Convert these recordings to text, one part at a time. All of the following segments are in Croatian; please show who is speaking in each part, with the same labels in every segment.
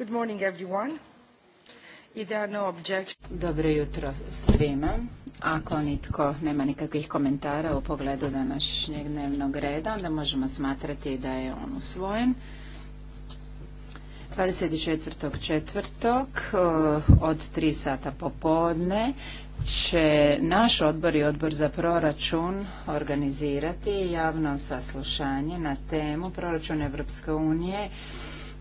Speaker 1: Good morning everyone. If there are Dobro jutro svima. Ako nitko nema nikakvih komentara u pogledu današnjeg dnevnog reda, onda možemo smatrati da je on usvojen. 24.4. od 3 sata popodne će naš odbor i odbor za proračun organizirati javno saslušanje na temu proračun Evropske unije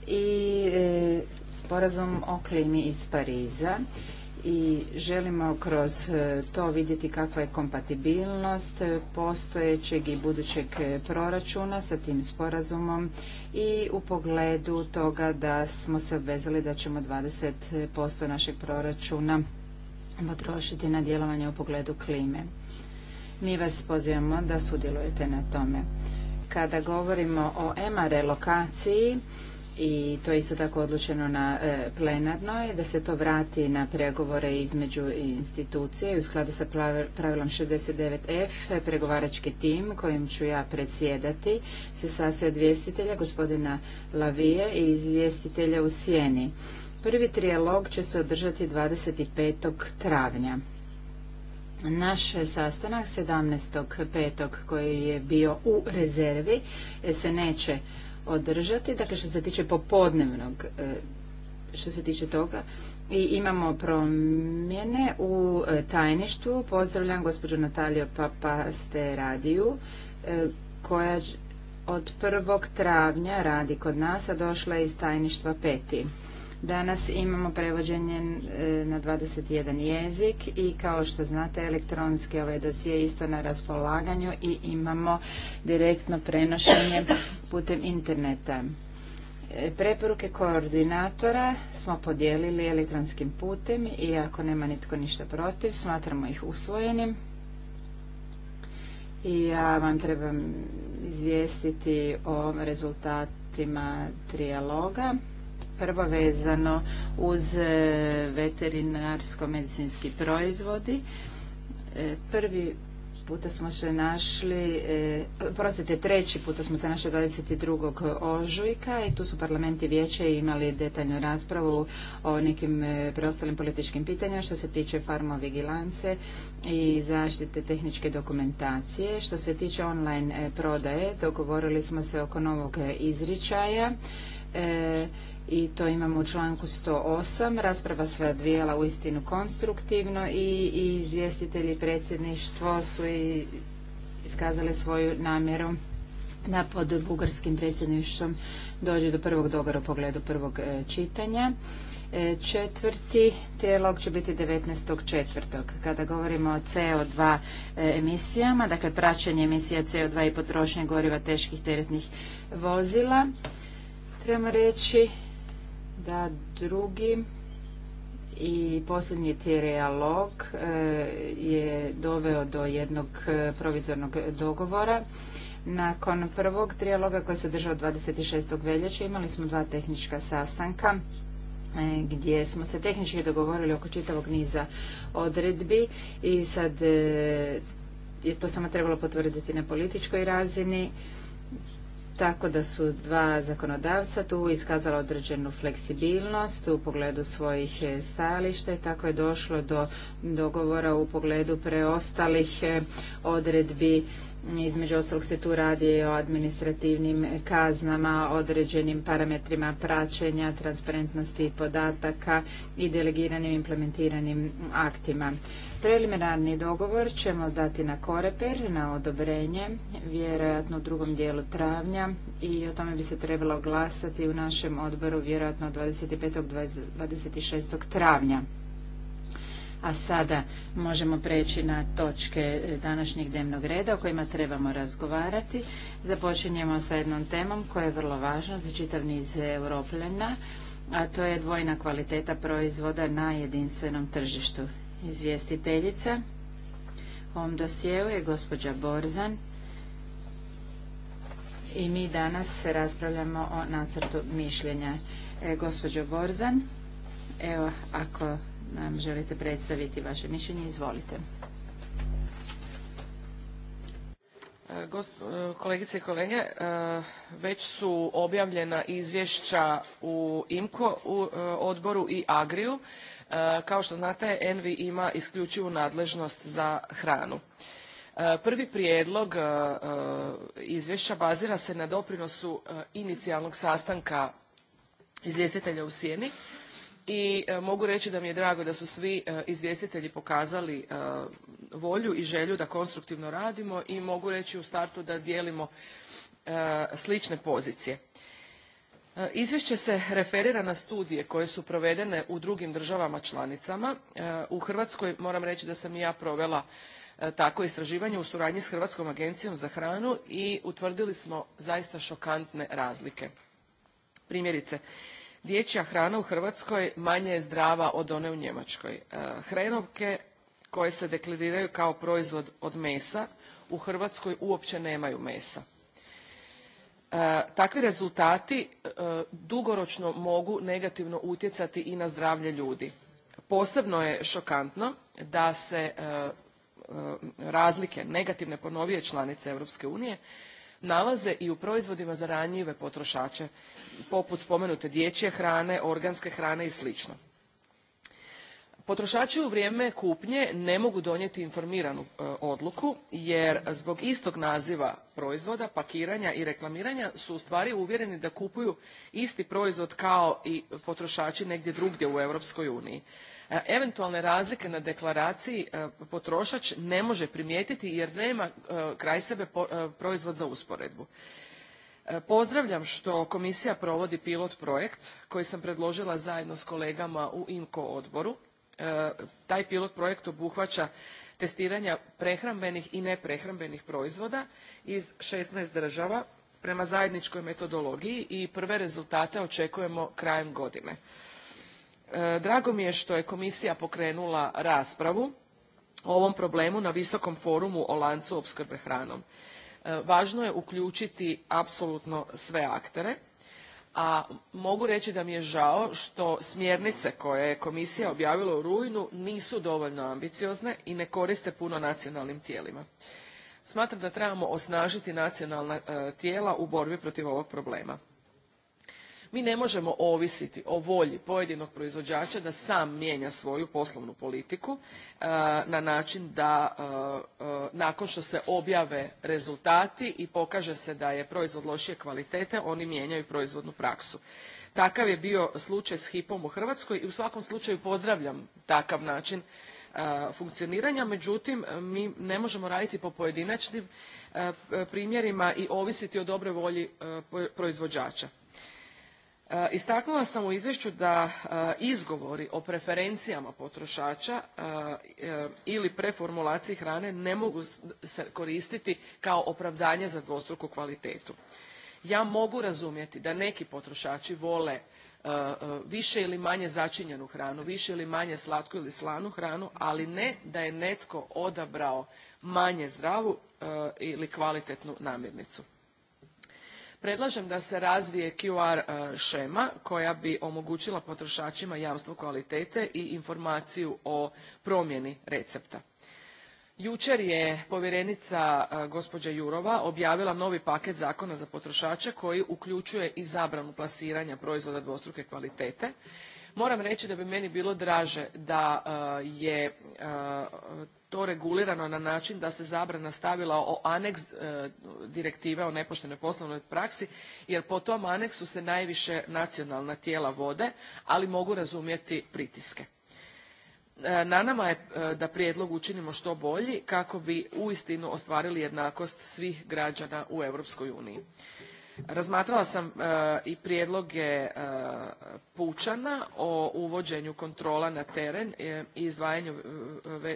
Speaker 1: i e, sporazum o klimi iz Pariza i želimo kroz e, to vidjeti kakva je kompatibilnost e, postojećeg i budućeg proračuna sa tim sporazumom i u pogledu toga da smo se obvezali da ćemo 20% našeg proračuna potrošiti na djelovanje u pogledu klime. Mi vas pozivamo da sudjelujete na tome. Kada govorimo o EMA relokaciji, i to je isto tako odlučeno na e, plenarnoj, da se to vrati na pregovore između institucije u skladu sa pravilom 69F, pregovarački tim kojim ću ja predsjedati, se sastoji od vjestitelja, gospodina Lavije i izvjestitelja u Sjeni. Prvi trijalog će se održati 25. travnja. Naš sastanak 17.5. koji je bio u rezervi e, se neće održati, dakle što se tiče popodnevnog, e, što se tiče toga. I imamo promjene u e, tajništvu. Pozdravljam gospođu Nataliju Radiju, e, koja od 1. travnja radi kod nas, a došla je iz tajništva peti. Danas imamo prevođenje e, na 21 jezik i kao što znate elektronski ovaj dosije isto na raspolaganju i imamo direktno prenošenje putem interneta. E, preporuke koordinatora smo podijelili elektronskim putem i ako nema nitko ništa protiv, smatramo ih usvojenim. I ja vam trebam izvijestiti o rezultatima trijaloga. Prvo vezano uz e, veterinarsko-medicinski proizvodi. E, prvi puta smo se našli, e, prostite, treći puta smo se našli 22. ožujka i tu su parlamenti vijeće imali detaljnu raspravu o nekim preostalim političkim pitanjima što se tiče farmovigilance i zaštite tehničke dokumentacije. Što se tiče online prodaje, dogovorili smo se oko novog izričaja E, i to imamo u članku 108. Rasprava se odvijala u istinu konstruktivno i, izvjestitelji predsjedništvo su i iskazali svoju namjeru da pod bugarskim predsjedništvom dođe do prvog dogovora u pogledu prvog e, čitanja. E, četvrti će biti 19.4. Kada govorimo o CO2 emisijama, dakle praćenje emisija CO2 i potrošnje goriva teških teretnih vozila, Trebamo reći da drugi i posljednji trijalog eh, je doveo do jednog eh, provizornog dogovora. Nakon prvog trijaloga koji se održao 26. veljače imali smo dva tehnička sastanka eh, gdje smo se tehnički dogovorili oko čitavog niza odredbi i sad je to samo trebalo potvrditi na političkoj razini tako da su dva zakonodavca tu iskazala određenu fleksibilnost u pogledu svojih e, stajališta i tako je došlo do dogovora u pogledu preostalih e, odredbi između ostalog se tu radi o administrativnim kaznama, određenim parametrima praćenja, transparentnosti podataka i delegiranim implementiranim aktima. Preliminarni dogovor ćemo dati na koreper, na odobrenje, vjerojatno u drugom dijelu travnja i o tome bi se trebalo glasati u našem odboru vjerojatno 25. 26. travnja. A sada možemo preći na točke eh, današnjeg dnevnog reda o kojima trebamo razgovarati. Započinjemo sa jednom temom koja je vrlo važna za čitav niz europljena, a to je dvojna kvaliteta proizvoda na jedinstvenom tržištu. Izvjestiteljica u ovom je gospođa Borzan i mi danas raspravljamo o nacrtu mišljenja. Eh, gospođo Borzan, evo ako
Speaker 2: nam želite predstaviti vaše mišljenje. Izvolite. E, e, kolegice i kolege, e, već su objavljena izvješća u IMKO u odboru i Agriju. Kao što znate, Envi ima isključivu nadležnost za hranu. Prvi prijedlog izvješća bazira se na doprinosu inicijalnog sastanka izvjestitelja u Sjeni i e, mogu reći da mi je drago da su svi e, izvjestitelji pokazali e, volju i želju da konstruktivno radimo i mogu reći u startu da dijelimo slične pozicije. Izvješće se referira na studije koje su provedene u drugim državama članicama. U Hrvatskoj moram reći da sam i ja provela tako istraživanje u suradnji s Hrvatskom agencijom za hranu i utvrdili smo zaista šokantne razlike. Primjerice, Dječja hrana u Hrvatskoj manje je zdrava od one u Njemačkoj. E, hrenovke koje se deklariraju kao proizvod od mesa u Hrvatskoj uopće nemaju mesa. E, takvi rezultati e, dugoročno mogu negativno utjecati i na zdravlje ljudi. Posebno je šokantno da se razlike negativne ponovije članice Europske unije nalaze i u proizvodima za ranjive potrošače, poput spomenute dječje hrane, organske hrane i sl. Potrošači u vrijeme kupnje ne mogu donijeti informiranu e, odluku jer zbog istog naziva proizvoda, pakiranja i reklamiranja su u stvari uvjereni da kupuju isti proizvod kao i potrošači negdje drugdje u Europskoj uniji. E, eventualne razlike na deklaraciji e, potrošač ne može primijetiti jer nema e, kraj sebe proizvod za usporedbu. Pozdravljam što komisija provodi pilot projekt koji sam predložila zajedno s kolegama u IMCO odboru. taj pilot projekt obuhvaća testiranja prehrambenih i neprehrambenih proizvoda iz 16 država prema zajedničkoj metodologiji i prve rezultate očekujemo krajem godine. E, drago mi je što je komisija pokrenula raspravu o ovom problemu na visokom forumu o lancu opskrbe hranom. E, važno je uključiti apsolutno sve aktere, a mogu reći da mi je žao što smjernice koje je komisija objavila u rujnu nisu dovoljno ambiciozne i ne koriste puno nacionalnim tijelima. Smatram da trebamo osnažiti nacionalna e, tijela u borbi protiv ovog problema. Mi ne možemo ovisiti o volji pojedinog proizvođača da sam mijenja svoju poslovnu politiku e, na način da e, e, nakon što se objave rezultati i pokaže se da je proizvod lošije kvalitete, oni mijenjaju proizvodnu praksu. Takav je bio slučaj s HIPom u Hrvatskoj i u svakom slučaju pozdravljam takav način funkcioniranja, međutim mi ne možemo raditi po pojedinačnim primjerima i ovisiti o dobroj volji proizvođača. E, istaknula sam u izvješću da e, izgovori o preferencijama potrošača e, ili preformulaciji hrane ne mogu se koristiti kao opravdanje za dvostruku kvalitetu ja mogu razumjeti da neki potrošači vole više ili manje začinjenu hranu više ili manje slatku ili slanu hranu ali ne da je netko odabrao manje zdravu ili kvalitetnu namirnicu Predlažem da se razvije QR e, šema koja bi omogućila potrošačima jamstvo kvalitete i informaciju o promjeni recepta. Jučer je povjerenica e, gospođa Jurova objavila novi paket zakona za potrošače koji uključuje i zabranu plasiranja proizvoda dvostruke kvalitete. Moram reći da bi meni bilo draže da e, je to regulirano na način da se zabrana stavila o aneks e, direktive o nepoštenoj poslovnoj praksi jer po tom aneksu se najviše nacionalna tijela vode ali mogu razumjeti pritiske e, na nama je e, da prijedlog učinimo što bolji kako bi uistinu ostvarili jednakost svih građana u europskoj uniji Razmatrala sam e, i prijedloge e, pučana o uvođenju kontrola na teren e, i izdvajanju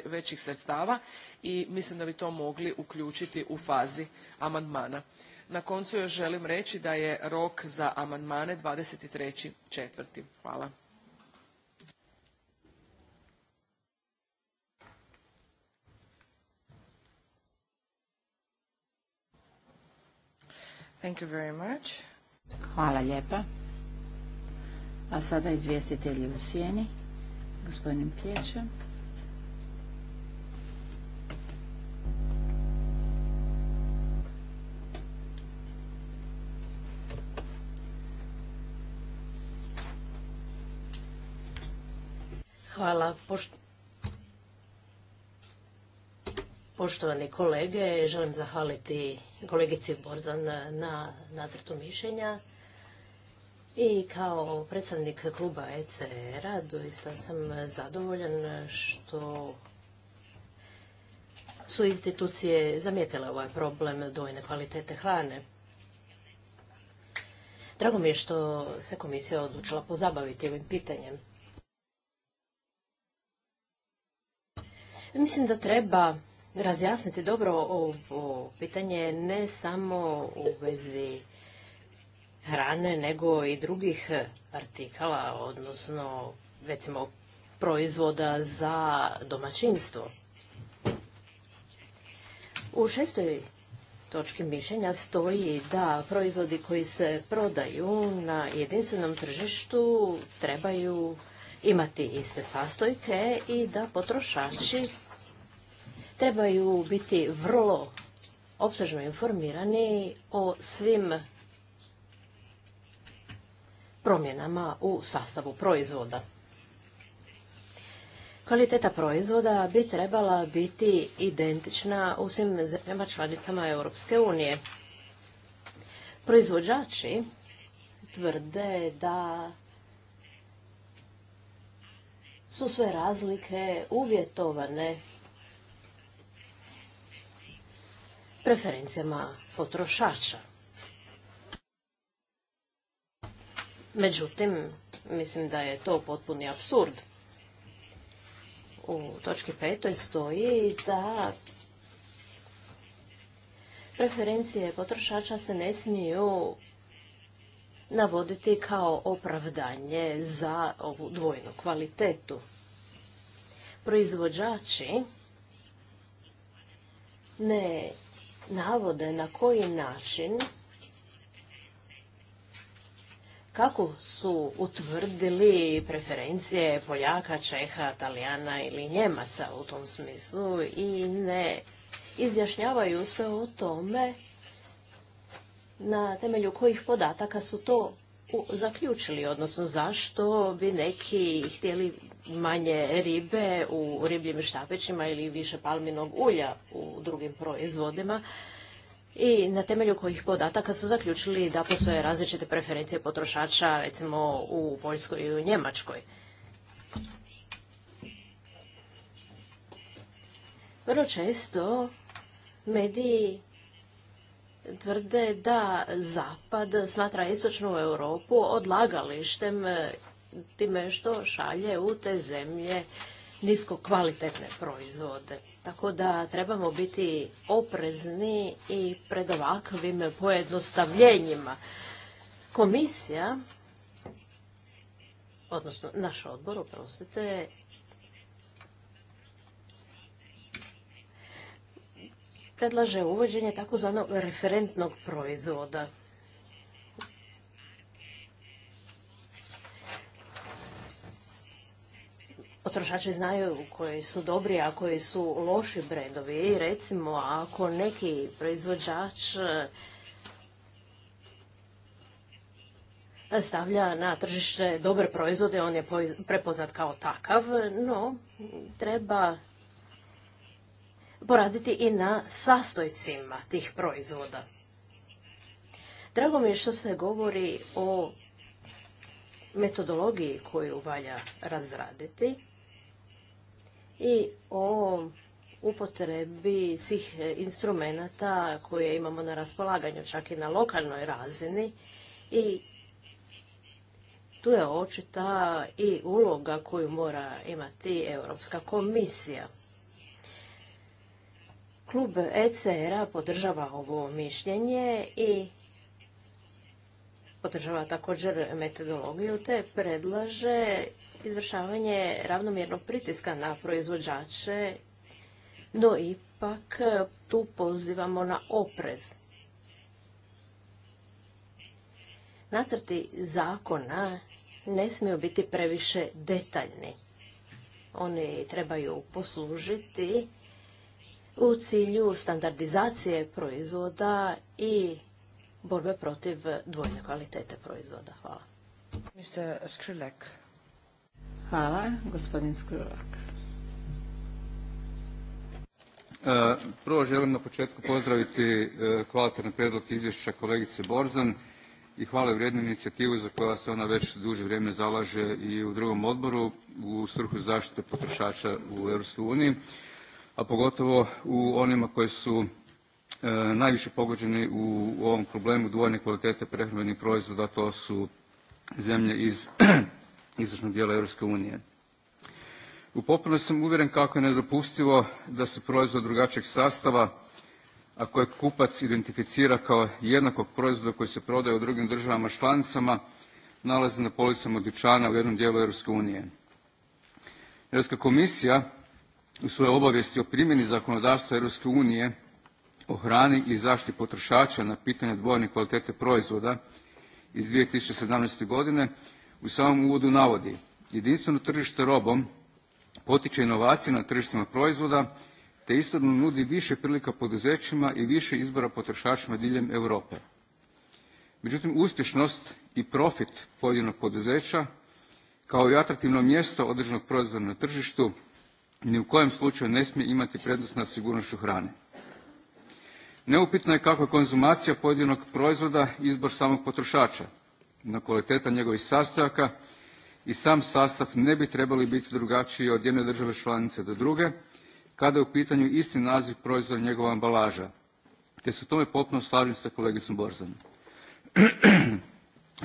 Speaker 2: većih sredstava i mislim da bi to mogli uključiti u fazi amandmana. Na koncu još želim reći da je rok za amandmane 23.4. Hvala.
Speaker 3: Thank you very much.
Speaker 1: Hvala lijepa. A sada izvjestitelji u sjeni. Gospodin Pječan.
Speaker 4: Hvala. Pošto Poštovani kolege, želim zahvaliti kolegici Borzan na nacrtu mišljenja. I kao predstavnik kluba ECR-a doista sam zadovoljan što su institucije zamijetile ovaj problem dojne kvalitete hrane. Drago mi je što se komisija odlučila pozabaviti ovim pitanjem. Mislim da treba razjasniti dobro ovo pitanje ne samo u vezi hrane, nego i drugih artikala, odnosno recimo proizvoda za domaćinstvo. U šestoj točki mišljenja stoji da proizvodi koji se prodaju na jedinstvenom tržištu trebaju imati iste sastojke i da potrošači trebaju biti vrlo obsežno informirani o svim promjenama u sastavu proizvoda. Kvaliteta proizvoda bi trebala biti identična u svim zemljama članicama Europske unije. Proizvođači tvrde da su sve razlike uvjetovane preferencijama potrošača. Međutim, mislim da je to potpuni absurd. U točki petoj stoji da preferencije potrošača se ne smiju navoditi kao opravdanje za ovu dvojnu kvalitetu. Proizvođači ne navode na koji način kako su utvrdili preferencije Poljaka, Čeha, Italijana ili Njemaca u tom smislu i ne izjašnjavaju se o tome na temelju kojih podataka su to zaključili, odnosno zašto bi neki htjeli manje ribe u ribljim štapićima ili više palminog ulja u drugim proizvodima i na temelju kojih podataka su zaključili da postoje različite preferencije potrošača recimo u Poljskoj i u Njemačkoj. Vrlo često mediji tvrde da Zapad smatra istočnu Europu odlagalištem time što šalje u te zemlje nisko kvalitetne proizvode. Tako da trebamo biti oprezni i pred ovakvim pojednostavljenjima. Komisija, odnosno naš odbor, oprostite, predlaže uvođenje takozvanog referentnog proizvoda. potrošači znaju koji su dobri, a koji su loši brendovi. I recimo, ako neki proizvođač eh, stavlja na tržište dobre proizvode, on je prepoznat kao takav, no treba poraditi i na sastojcima tih proizvoda. Drago mi je što se govori o metodologiji koju valja razraditi i o upotrebi svih e, instrumenata koje imamo na raspolaganju, čak i na lokalnoj razini. I tu je očita i uloga koju mora imati Europska komisija. Klub ECR-a podržava ovo mišljenje i podržava također metodologiju te predlaže izvršavanje ravnomjernog pritiska na proizvođače, no ipak tu pozivamo na oprez. Nacrti zakona ne smiju biti previše detaljni. Oni trebaju poslužiti u cilju standardizacije proizvoda i borbe protiv dvojne kvalitete proizvoda. Hvala.
Speaker 1: Mr. Skrilek. Hvala, gospodin Skrilek.
Speaker 5: E, prvo želim na početku pozdraviti e, kvalitetan prijedlog izvješća kolegice Borzan i hvale vrijednu inicijativu za koja se ona već duže vrijeme zalaže i u drugom odboru u svrhu zaštite potrošača u EU. a pogotovo u onima koji su E, najviše pogođeni u ovom problemu dvojne kvalitete prehrambenih proizvoda, to su zemlje iz istočnog dijela Europske unije. U potpunosti sam uvjeren kako je nedopustivo da se proizvod drugačijeg sastava, a kojeg kupac identificira kao jednakog proizvoda koji se prodaje u drugim državama članicama, nalazi na policama dućana u jednom dijelu Europske unije. Europska komisija u svojoj obavijesti o primjeni zakonodavstva Europske unije o hrani i zaštiti potrošača na pitanje dvojne kvalitete proizvoda iz 2017. godine u samom uvodu navodi jedinstveno tržište robom potiče inovacije na tržištima proizvoda te istodno nudi više prilika poduzećima i više izbora potrošačima diljem Europe. Međutim, uspješnost i profit pojedinog poduzeća kao i atraktivno mjesto određenog proizvoda na tržištu ni u kojem slučaju ne smije imati prednost na sigurnošću hrane. Neupitno je kako je konzumacija pojedinog proizvoda izbor samog potrošača, na kvaliteta njegovih sastojaka i sam sastav ne bi trebali biti drugačiji od jedne države članice do druge, kada je u pitanju isti naziv proizvoda njegova ambalaža, te se u tome potpuno slažem sa kolegicom Borzan.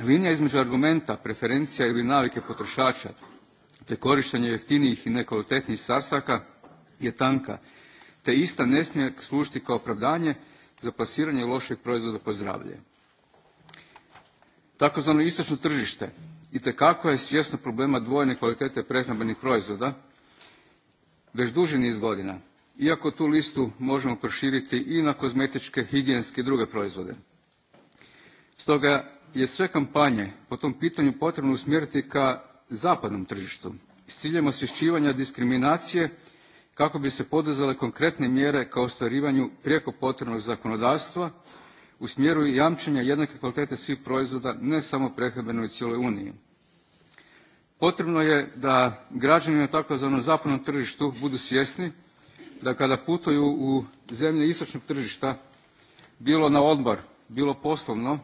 Speaker 5: Linija između argumenta, preferencija ili navike potrošača, te korištenje jeftinijih i nekvalitetnijih sastojaka je tanka, te ista ne smije služiti kao opravdanje za plasiranje loših proizvoda po zdravlje. Takozvano istočno tržište itekako je svjesno problema dvojne kvalitete prehrambenih proizvoda već duži niz godina, iako tu listu možemo proširiti i na kozmetičke, higijenske i druge proizvode. Stoga je sve kampanje po tom pitanju potrebno usmjeriti ka zapadnom tržištu s ciljem osvješćivanja diskriminacije kako bi se poduzele konkretne mjere ka ostvarivanju prijeko potrebnog zakonodavstva u smjeru jamčenja jednake kvalitete svih proizvoda ne samo prehrambenoj u cijeloj uniji. potrebno je da građani na takozvanom zapadnom tržištu budu svjesni da kada putuju u zemlje istočnog tržišta bilo na odmor bilo poslovno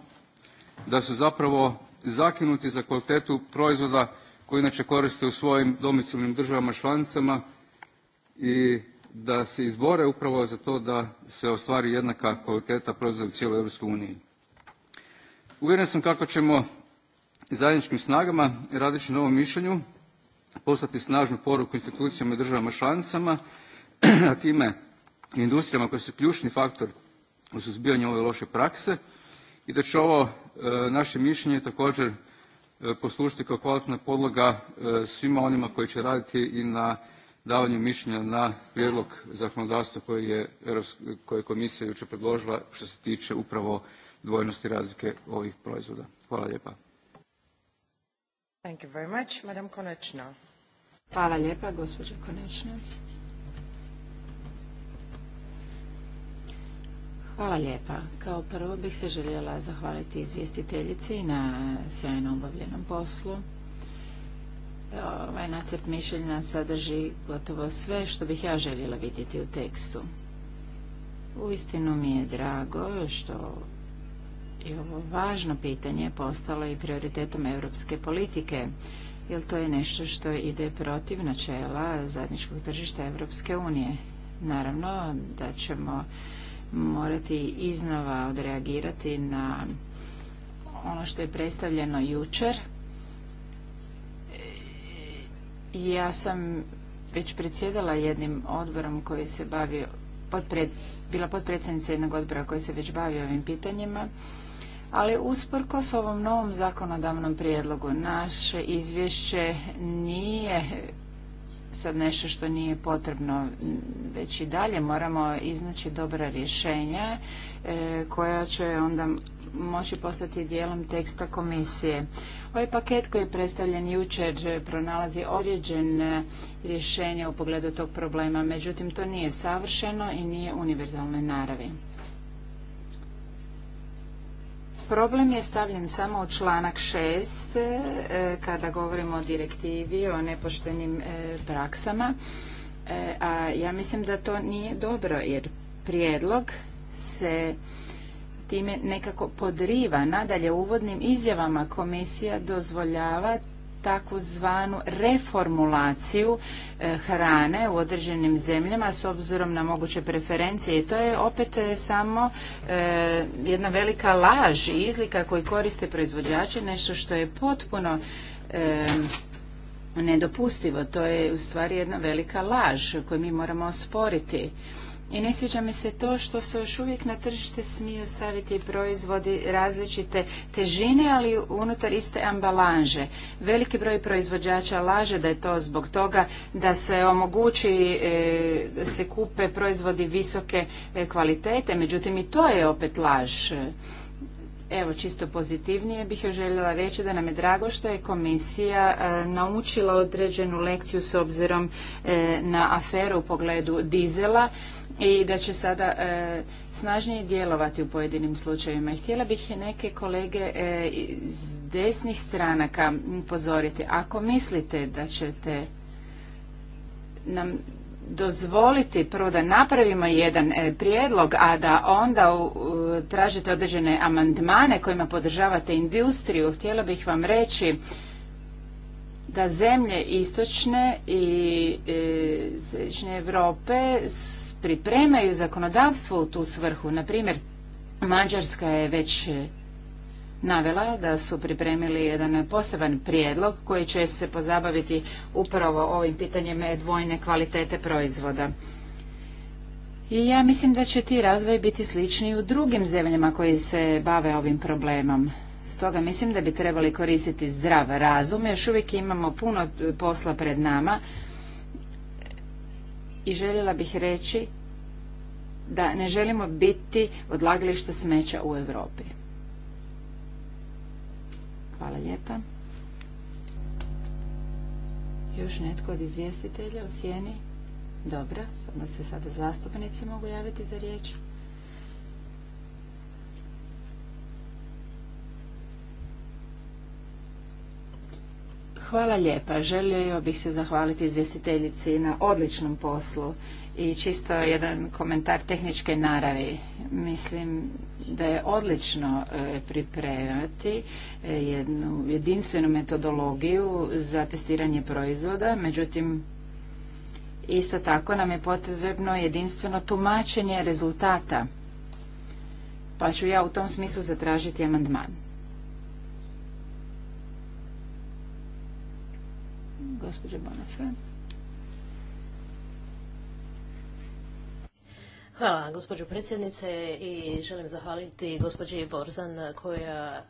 Speaker 5: da su zapravo zakinuti za kvalitetu proizvoda koje inače koriste u svojim domicilnim državama članicama i da se izbore upravo za to da se ostvari jednaka kvaliteta proizvoda u cijeloj Europskoj uniji. Uvjeren sam kako ćemo zajedničkim snagama radeći na ovom mišljenju poslati snažnu poruku institucijama i državama članicama, a time i industrijama koje su ključni faktor u suzbijanju ove loše prakse i da će ovo e, naše mišljenje također e, poslužiti kao kvalitetna podloga e, svima onima koji će raditi i na davanju mišljenja na prijedlog zakonodavstva koje je, koje je komisija jučer predložila što se tiče upravo dvojnosti razlike ovih proizvoda. Hvala lijepa.
Speaker 3: Thank you very much. Madam Konečna. Hvala lijepa, gospođa Konečna.
Speaker 1: Hvala lijepa. Kao prvo bih se željela zahvaliti izvjestiteljici na sjajno obavljenom poslu. Ovaj nacrt mišljenja sadrži gotovo sve što bih ja željela vidjeti u tekstu. Uistinu mi je drago što je ovo važno pitanje postalo i prioritetom europske politike, jer to je nešto što ide protiv načela zajedničkog tržišta Europske unije. Naravno da ćemo morati iznova odreagirati na ono što je predstavljeno jučer, ja sam već predsjedala jednim odborom koji se bavio, podpred, bila potpredsjednica jednog odbora koji se već bavio ovim pitanjima, ali usprkos ovom novom zakonodavnom prijedlogu naše izvješće nije sad nešto što nije potrebno već i dalje moramo iznaći dobra rješenja e, koja će onda moći postati dijelom teksta komisije. Ovaj paket koji je predstavljen jučer pronalazi određen e, rješenje u pogledu tog problema, međutim to nije savršeno i nije univerzalne naravi. Problem je stavljen samo u članak 6 e, kada govorimo o direktivi o nepoštenim e, praksama, a ja mislim da to nije dobro jer prijedlog se time nekako podriva. Nadalje, uvodnim izjavama komisija dozvoljava zvanu reformulaciju e, hrane u određenim zemljama s obzirom na moguće preferencije i to je opet e, samo e, jedna velika laž i izlika koju koriste proizvođači, nešto što je potpuno nedopustivo. To je u stvari jedna velika laž koju mi moramo osporiti i ne sviđa mi se to što se još uvijek na tržište smiju staviti proizvodi različite težine, ali unutar iste ambalanže. Veliki broj proizvođača laže da je to zbog toga da se omogući e, da se kupe proizvodi visoke e, kvalitete, međutim i to je opet laž. Evo, čisto pozitivnije bih joj željela reći da nam je drago što je komisija e, naučila određenu lekciju s obzirom na aferu u pogledu dizela i da će sada e, snažnije djelovati u pojedinim slučajevima. Htjela bih neke kolege e, iz desnih stranaka upozoriti. Ako mislite da ćete nam dozvoliti prvo da napravimo jedan e, prijedlog, a da onda tražite određene amandmane kojima podržavate industriju, htjela bih vam reći da zemlje istočne i e, središnje Europe pripremaju zakonodavstvo u tu svrhu. na primjer Mađarska je već e, navela da su pripremili jedan poseban prijedlog koji će se pozabaviti upravo ovim pitanjem dvojne kvalitete proizvoda. I ja mislim da će ti razvoj biti slični u drugim zemljama koji se bave ovim problemom. Stoga mislim da bi trebali koristiti zdrav razum, još uvijek imamo puno e, posla pred nama, i željela bih reći da ne želimo biti odlagalište smeća u Europi. Hvala lijepa. Još netko od izvjestitelja u sjeni? Dobro, onda se sada zastupnici mogu javiti za riječ. Hvala lijepa. Želio bih se zahvaliti izvjestiteljici na odličnom poslu i čisto jedan komentar tehničke naravi. Mislim da je odlično e, pripremati e, jednu jedinstvenu metodologiju za testiranje proizvoda, međutim isto tako nam je potrebno jedinstveno tumačenje rezultata. Pa ću ja u tom smislu zatražiti amandman. gospođa
Speaker 4: Hvala, gospođo predsjednice, i želim zahvaliti gospođi Borzan koja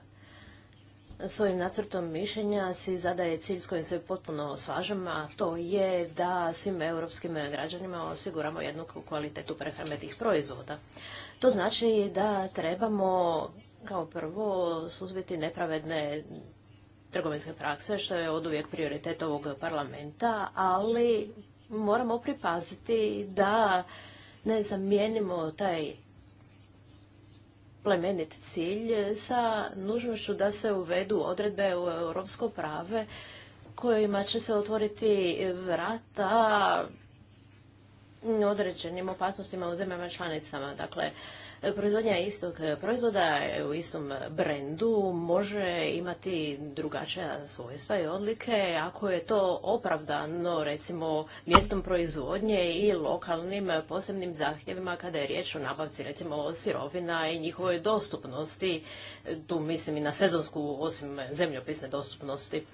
Speaker 4: svojim nacrtom mišljenja si zadaje cilj s kojim se potpuno slažem, a to je da svim europskim građanima osiguramo jednu kvalitetu prehrambenih proizvoda. To znači da trebamo kao prvo suzbiti nepravedne trgovinske prakse, što je oduvijek uvijek prioritet ovog parlamenta, ali moramo pripaziti da ne zamijenimo taj plemenit cilj sa nužnošću da se uvedu odredbe u europsko prave kojima će se otvoriti vrata određenim opasnostima u zemljama članicama. Dakle, proizvodnja istog proizvoda u istom brendu može imati drugačija svojstva i odlike ako je to opravdano recimo mjestom proizvodnje i lokalnim posebnim zahtjevima kada je riječ o nabavci recimo sirovina i njihovoj dostupnosti, tu mislim i na sezonsku osim zemljopisne dostupnosti.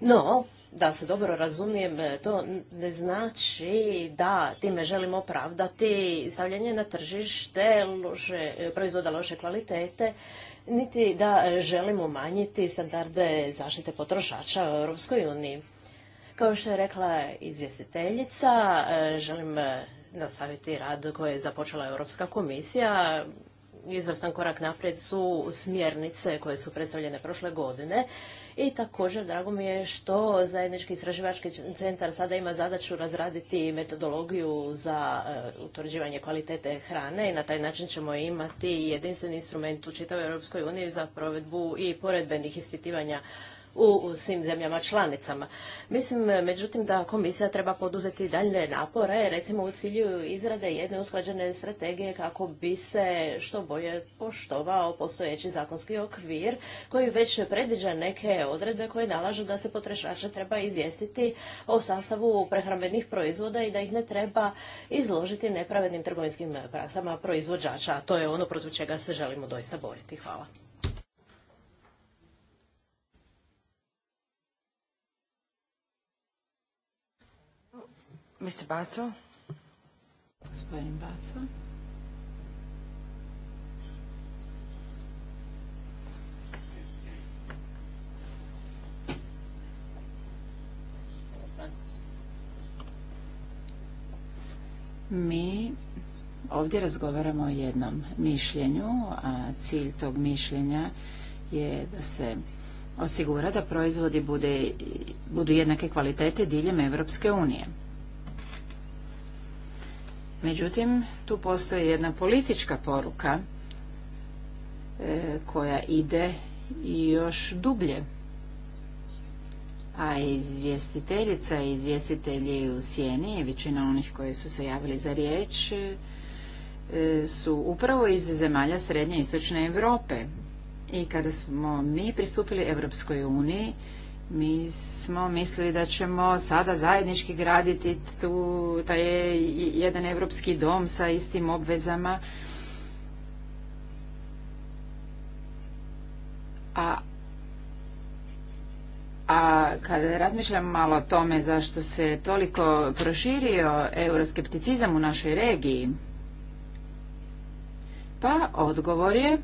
Speaker 4: No, da se dobro razumijem, e, to ne znači da time želimo opravdati stavljanje na tržište loše, e, proizvoda loše kvalitete, niti da e, želimo manjiti standarde zaštite potrošača u Europskoj uniji. Kao što je rekla izvjestiteljica, želim nastaviti rad koji je započela Europska komisija izvrstan korak naprijed su smjernice koje su predstavljene prošle godine. I također drago mi je što zajednički istraživački centar sada ima zadaću razraditi metodologiju za e, utvrđivanje kvalitete hrane i na taj način ćemo imati jedinstveni instrument u čitavoj Europskoj uniji za provedbu i poredbenih ispitivanja u svim zemljama članicama. Mislim, međutim, da komisija treba poduzeti daljne napore, recimo u cilju izrade jedne usklađene strategije kako bi se što bolje poštovao postojeći zakonski okvir koji već predviđa neke odredbe koje nalažu da se potrešače treba izvijestiti o sastavu prehrambenih proizvoda i da ih ne treba izložiti nepravednim trgovinskim praksama proizvođača. To je ono protiv čega se želimo doista boriti. Hvala.
Speaker 1: Mi ovdje razgovaramo o jednom mišljenju, a cilj tog mišljenja je da se osigura da proizvodi budu jednake kvalitete diljem Evropske unije. Međutim, tu postoji jedna politička poruka e, koja ide i još dublje. A izvjestiteljica i izvjestitelji u sjeni, većina onih koji su se javili za riječ, e, su upravo iz zemalja Srednje i Istočne Europe. I kada smo mi pristupili Europskoj uniji, mi smo mislili da ćemo sada zajednički graditi tu, taj je jedan evropski dom sa istim obvezama. A, a kada razmišljam malo o tome zašto se toliko proširio euroskepticizam u našoj regiji, pa odgovor je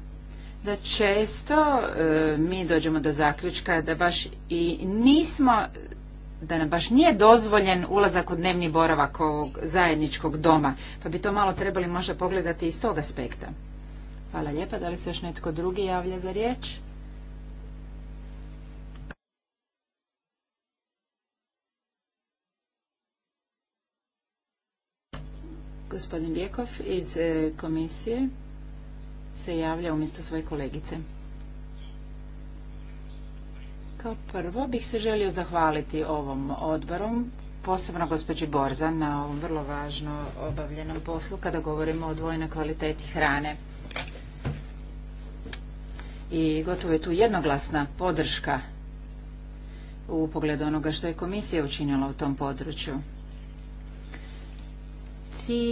Speaker 1: da često e, mi dođemo do zaključka da baš i nismo da nam baš nije dozvoljen ulazak u dnevni boravak ovog zajedničkog doma, pa bi to malo trebali možda pogledati iz tog aspekta. Hvala lijepa. Da li se još netko drugi javlja za riječ? Gospodin Bjekov iz e, komisije se javlja umjesto svoje kolegice. Kao prvo bih se želio zahvaliti ovom odborom, posebno gospođi Borza na ovom vrlo važno obavljenom poslu kada govorimo o dvojnoj kvaliteti hrane. I gotovo je tu jednoglasna podrška u pogledu onoga što je komisija učinila u tom području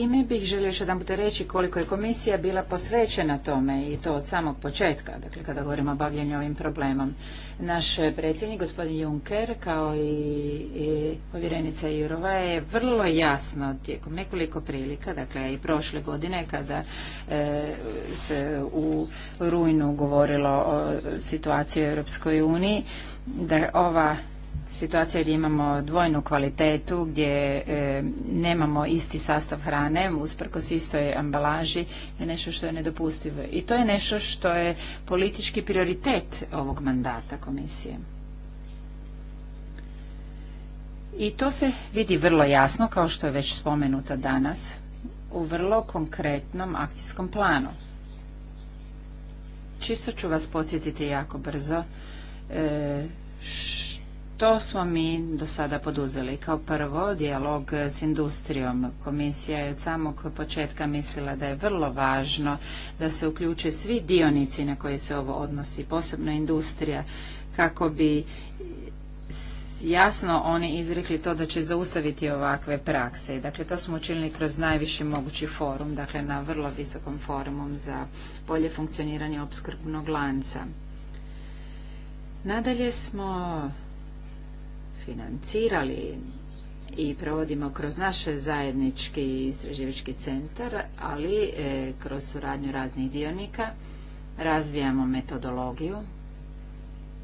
Speaker 1: mi bih želio još jedan put reći koliko je komisija bila posvećena tome i to od samog početka, dakle kada govorimo o bavljanju ovim problemom. Naš predsjednik, gospodin Juncker, kao i, povjerenica Jurova je vrlo jasno tijekom nekoliko prilika, dakle i prošle godine kada e, se u rujnu govorilo o situaciji u Europskoj uniji, da ova situacija gdje imamo dvojnu kvalitetu, gdje e, nemamo isti sastav hrane, usprkos istoj ambalaži, je nešto što je nedopustivo. I to je nešto što je politički prioritet ovog mandata komisije. I to se vidi vrlo jasno, kao što je već spomenuto danas, u vrlo konkretnom akcijskom planu. Čisto ću vas podsjetiti jako brzo e, to smo mi do sada poduzeli. Kao prvo, dijalog s industrijom. Komisija je od samog početka mislila da je vrlo važno da se uključe svi dionici na koje se ovo odnosi, posebno industrija, kako bi jasno oni izrekli to da će zaustaviti ovakve prakse. Dakle, to smo učinili kroz najviši mogući forum, dakle na vrlo visokom forumu za bolje funkcioniranje opskrbnog lanca. Nadalje smo financirali i provodimo kroz naš zajednički istraživački centar, ali e, kroz suradnju raznih dionika razvijamo metodologiju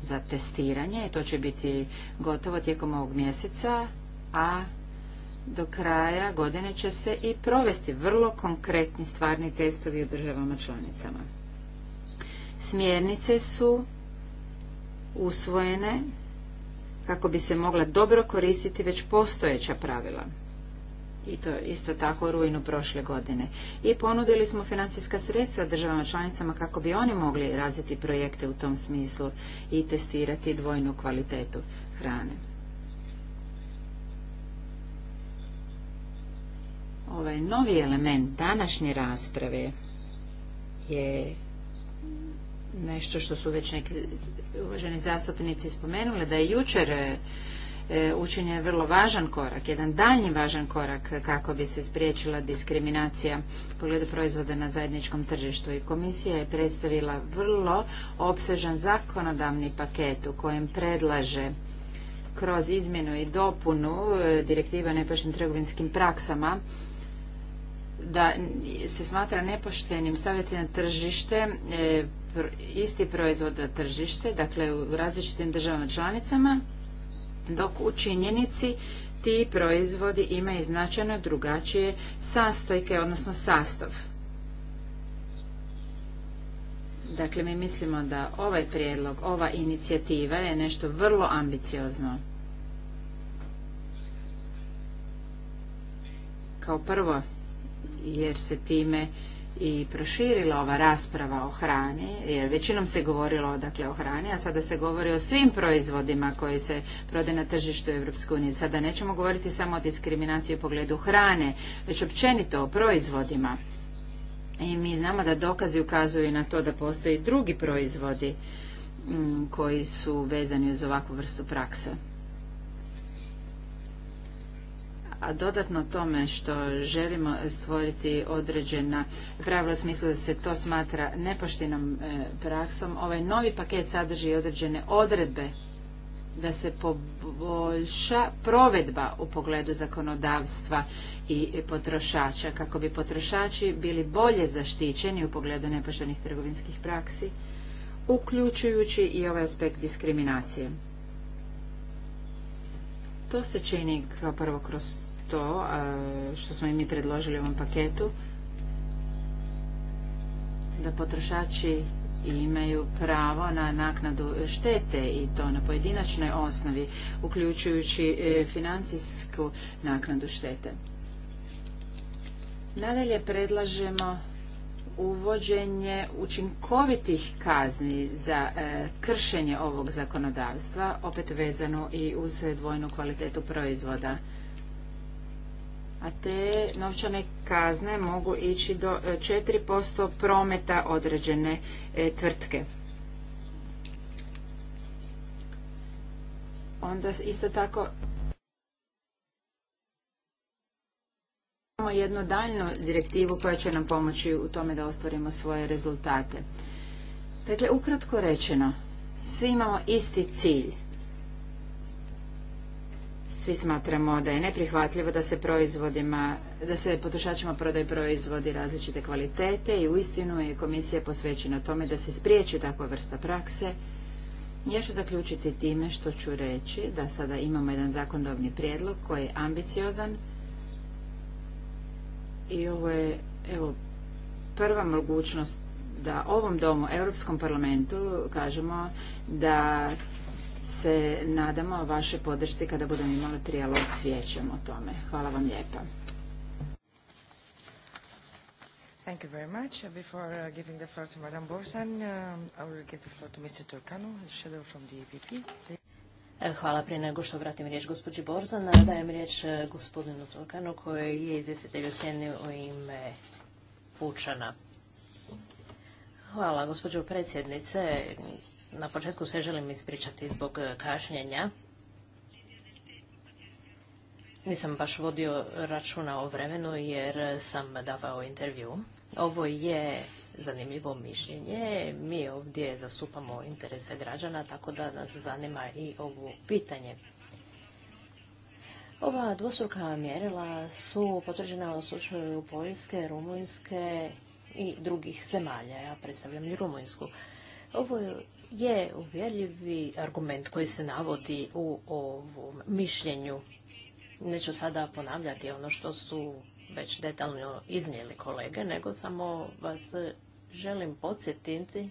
Speaker 1: za testiranje i to će biti gotovo tijekom ovog mjeseca, a do kraja godine će se i provesti vrlo konkretni stvarni testovi u državama članicama. Smjernice su usvojene kako bi se mogla dobro koristiti već postojeća pravila i to isto tako u rujnu prošle godine. I ponudili smo financijska sredstva državama članicama kako bi oni mogli razviti projekte u tom smislu i testirati dvojnu kvalitetu hrane. Ovaj novi element današnje rasprave je nešto što su već neki uvaženi zastupnici spomenuli da je jučer e, e, učinjen vrlo važan korak, jedan daljnji važan korak kako bi se spriječila diskriminacija u pogledu proizvoda na zajedničkom tržištu. I komisija je predstavila vrlo opsežan zakonodavni paket u kojem predlaže kroz izmjenu i dopunu e, direktiva nepoštenim trgovinskim praksama da se smatra nepoštenim staviti na tržište isti proizvod na tržište, dakle u različitim državama članicama, dok u činjenici ti proizvodi imaju značajno drugačije sastojke, odnosno sastav. Dakle, mi mislimo da ovaj prijedlog, ova inicijativa je nešto vrlo ambiciozno. Kao prvo, jer se time i proširila ova rasprava o hrani, jer većinom se govorilo dakle, o hrani, a sada se govori o svim proizvodima koji se prode na tržištu EU. unije. Sada nećemo govoriti samo o diskriminaciji u pogledu hrane, već općenito o proizvodima. I mi znamo da dokazi ukazuju na to da postoji drugi proizvodi mm, koji su vezani uz ovakvu vrstu prakse. a dodatno tome što želimo stvoriti određena pravila u smislu da se to smatra nepoštenom e, praksom, ovaj novi paket sadrži određene odredbe da se poboljša provedba u pogledu zakonodavstva i potrošača, kako bi potrošači bili bolje zaštićeni u pogledu nepoštenih trgovinskih praksi, uključujući i ovaj aspekt diskriminacije. To se čini kao prvo kroz to što smo i mi predložili u ovom paketu, da potrošači imaju pravo na naknadu štete i to na pojedinačnoj osnovi, uključujući e, financijsku naknadu štete. Nadalje predlažemo uvođenje učinkovitih kazni za e, kršenje ovog zakonodavstva, opet vezano i uz dvojnu kvalitetu proizvoda a te novčane kazne mogu ići do 4% e, prometa određene e, tvrtke. Onda isto tako imamo jednu daljnu direktivu koja će nam pomoći u tome da ostvarimo svoje rezultate. Dakle, ukratko rečeno, svi imamo isti cilj, svi smatramo da je neprihvatljivo da se proizvodima, da se potrošačima prodaju proizvodi različite kvalitete i uistinu je komisija posvećena tome da se spriječi takva vrsta prakse. Ja ću zaključiti time što ću reći da sada imamo jedan zakondovni prijedlog koji je ambiciozan i ovo je evo, prva mogućnost da ovom domu, Europskom parlamentu, kažemo da se nadamo vaše podršci kada budemo imali trijalog s vijećem o tome. Hvala vam lijepa.
Speaker 3: Thank you very much. Uh, before uh, giving the floor to Madame
Speaker 4: Borsan, uh, I will give the floor to Mr. Turkanu, shadow from the EPP. E, hvala. Prije nego što vratim riječ gospođi Borzan, dajem riječ e, gospodinu Turkanu koji je izvjestitelj osjenio u ime Pučana. Hvala gospođo predsjednice, na početku se želim ispričati zbog e, kašnjenja. Nisam baš vodio računa o vremenu jer sam davao intervju. Ovo je zanimljivo mišljenje. Mi ovdje zastupamo interese građana, tako da nas zanima i ovo pitanje. Ova dvostruka mjerila su potvrđena u slučaju Poljske, Rumunjske i drugih zemalja. Ja predstavljam i Rumunjsku. Ovo je uvjerljivi argument koji se navodi u ovom mišljenju. Neću sada ponavljati ono što su već detaljno iznijeli kolege, nego samo vas želim podsjetiti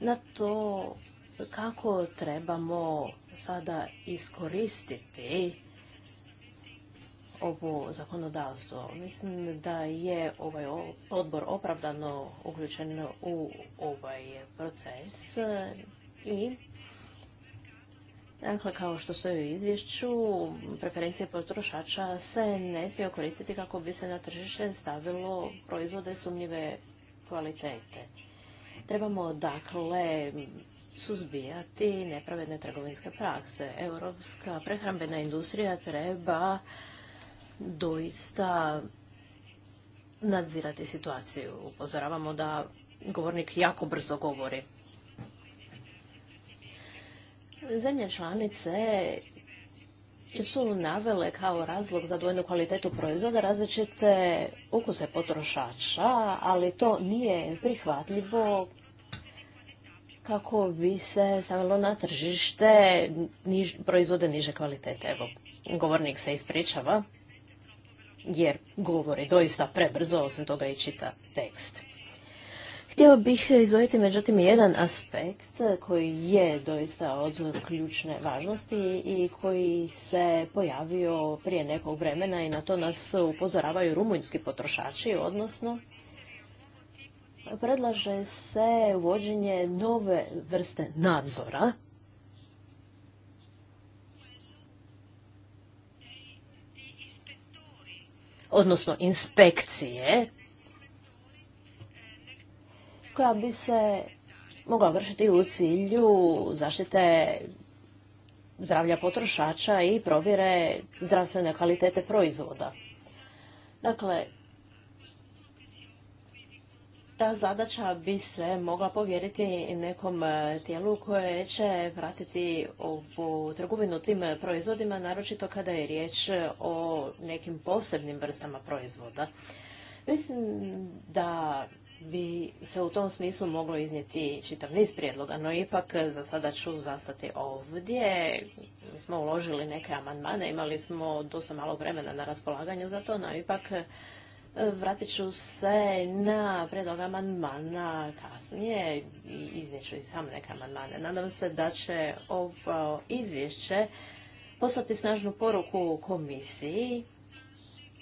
Speaker 4: na to kako trebamo sada iskoristiti ovo zakonodavstvo. Mislim da je ovaj odbor opravdano uključen u ovaj proces e, i Dakle, kao što stoji u izvješću, preferencije potrošača se ne smije koristiti kako bi se na tržište stavilo proizvode sumnjive kvalitete. Trebamo, dakle, suzbijati nepravedne trgovinske prakse. Europska prehrambena industrija treba doista nadzirati situaciju. Upozoravamo da govornik jako brzo govori. Zemlje članice su navele kao razlog za dvojnu kvalitetu proizvoda različite ukuse potrošača, ali to nije prihvatljivo kako bi se stavilo na tržište proizvode niže kvalitete. Evo, govornik se ispričava jer govori doista prebrzo, osim toga i čita tekst. Htio bih izvojiti međutim jedan aspekt koji je doista od ključne važnosti i koji se pojavio prije nekog vremena i na to nas upozoravaju rumunjski potrošači, odnosno predlaže se uvođenje nove vrste nadzora odnosno inspekcije koja bi se mogla vršiti u cilju zaštite zdravlja potrošača i provjere zdravstvene kvalitete proizvoda. Dakle, ta zadaća bi se mogla povjeriti nekom e, tijelu koje će pratiti ovu trgovinu tim proizvodima, naročito kada je riječ o nekim posebnim vrstama proizvoda. Mislim da bi se u tom smislu moglo iznijeti čitav niz prijedloga, no ipak za sada ću zastati ovdje. Mi smo uložili neke amandmane, imali smo dosta malo vremena na raspolaganju za to, no ipak Vratit ću se na predlog amandmana kasnije i iznijet i sam neke amandmane. Nadam se da će ovo izvješće poslati snažnu poruku komisiji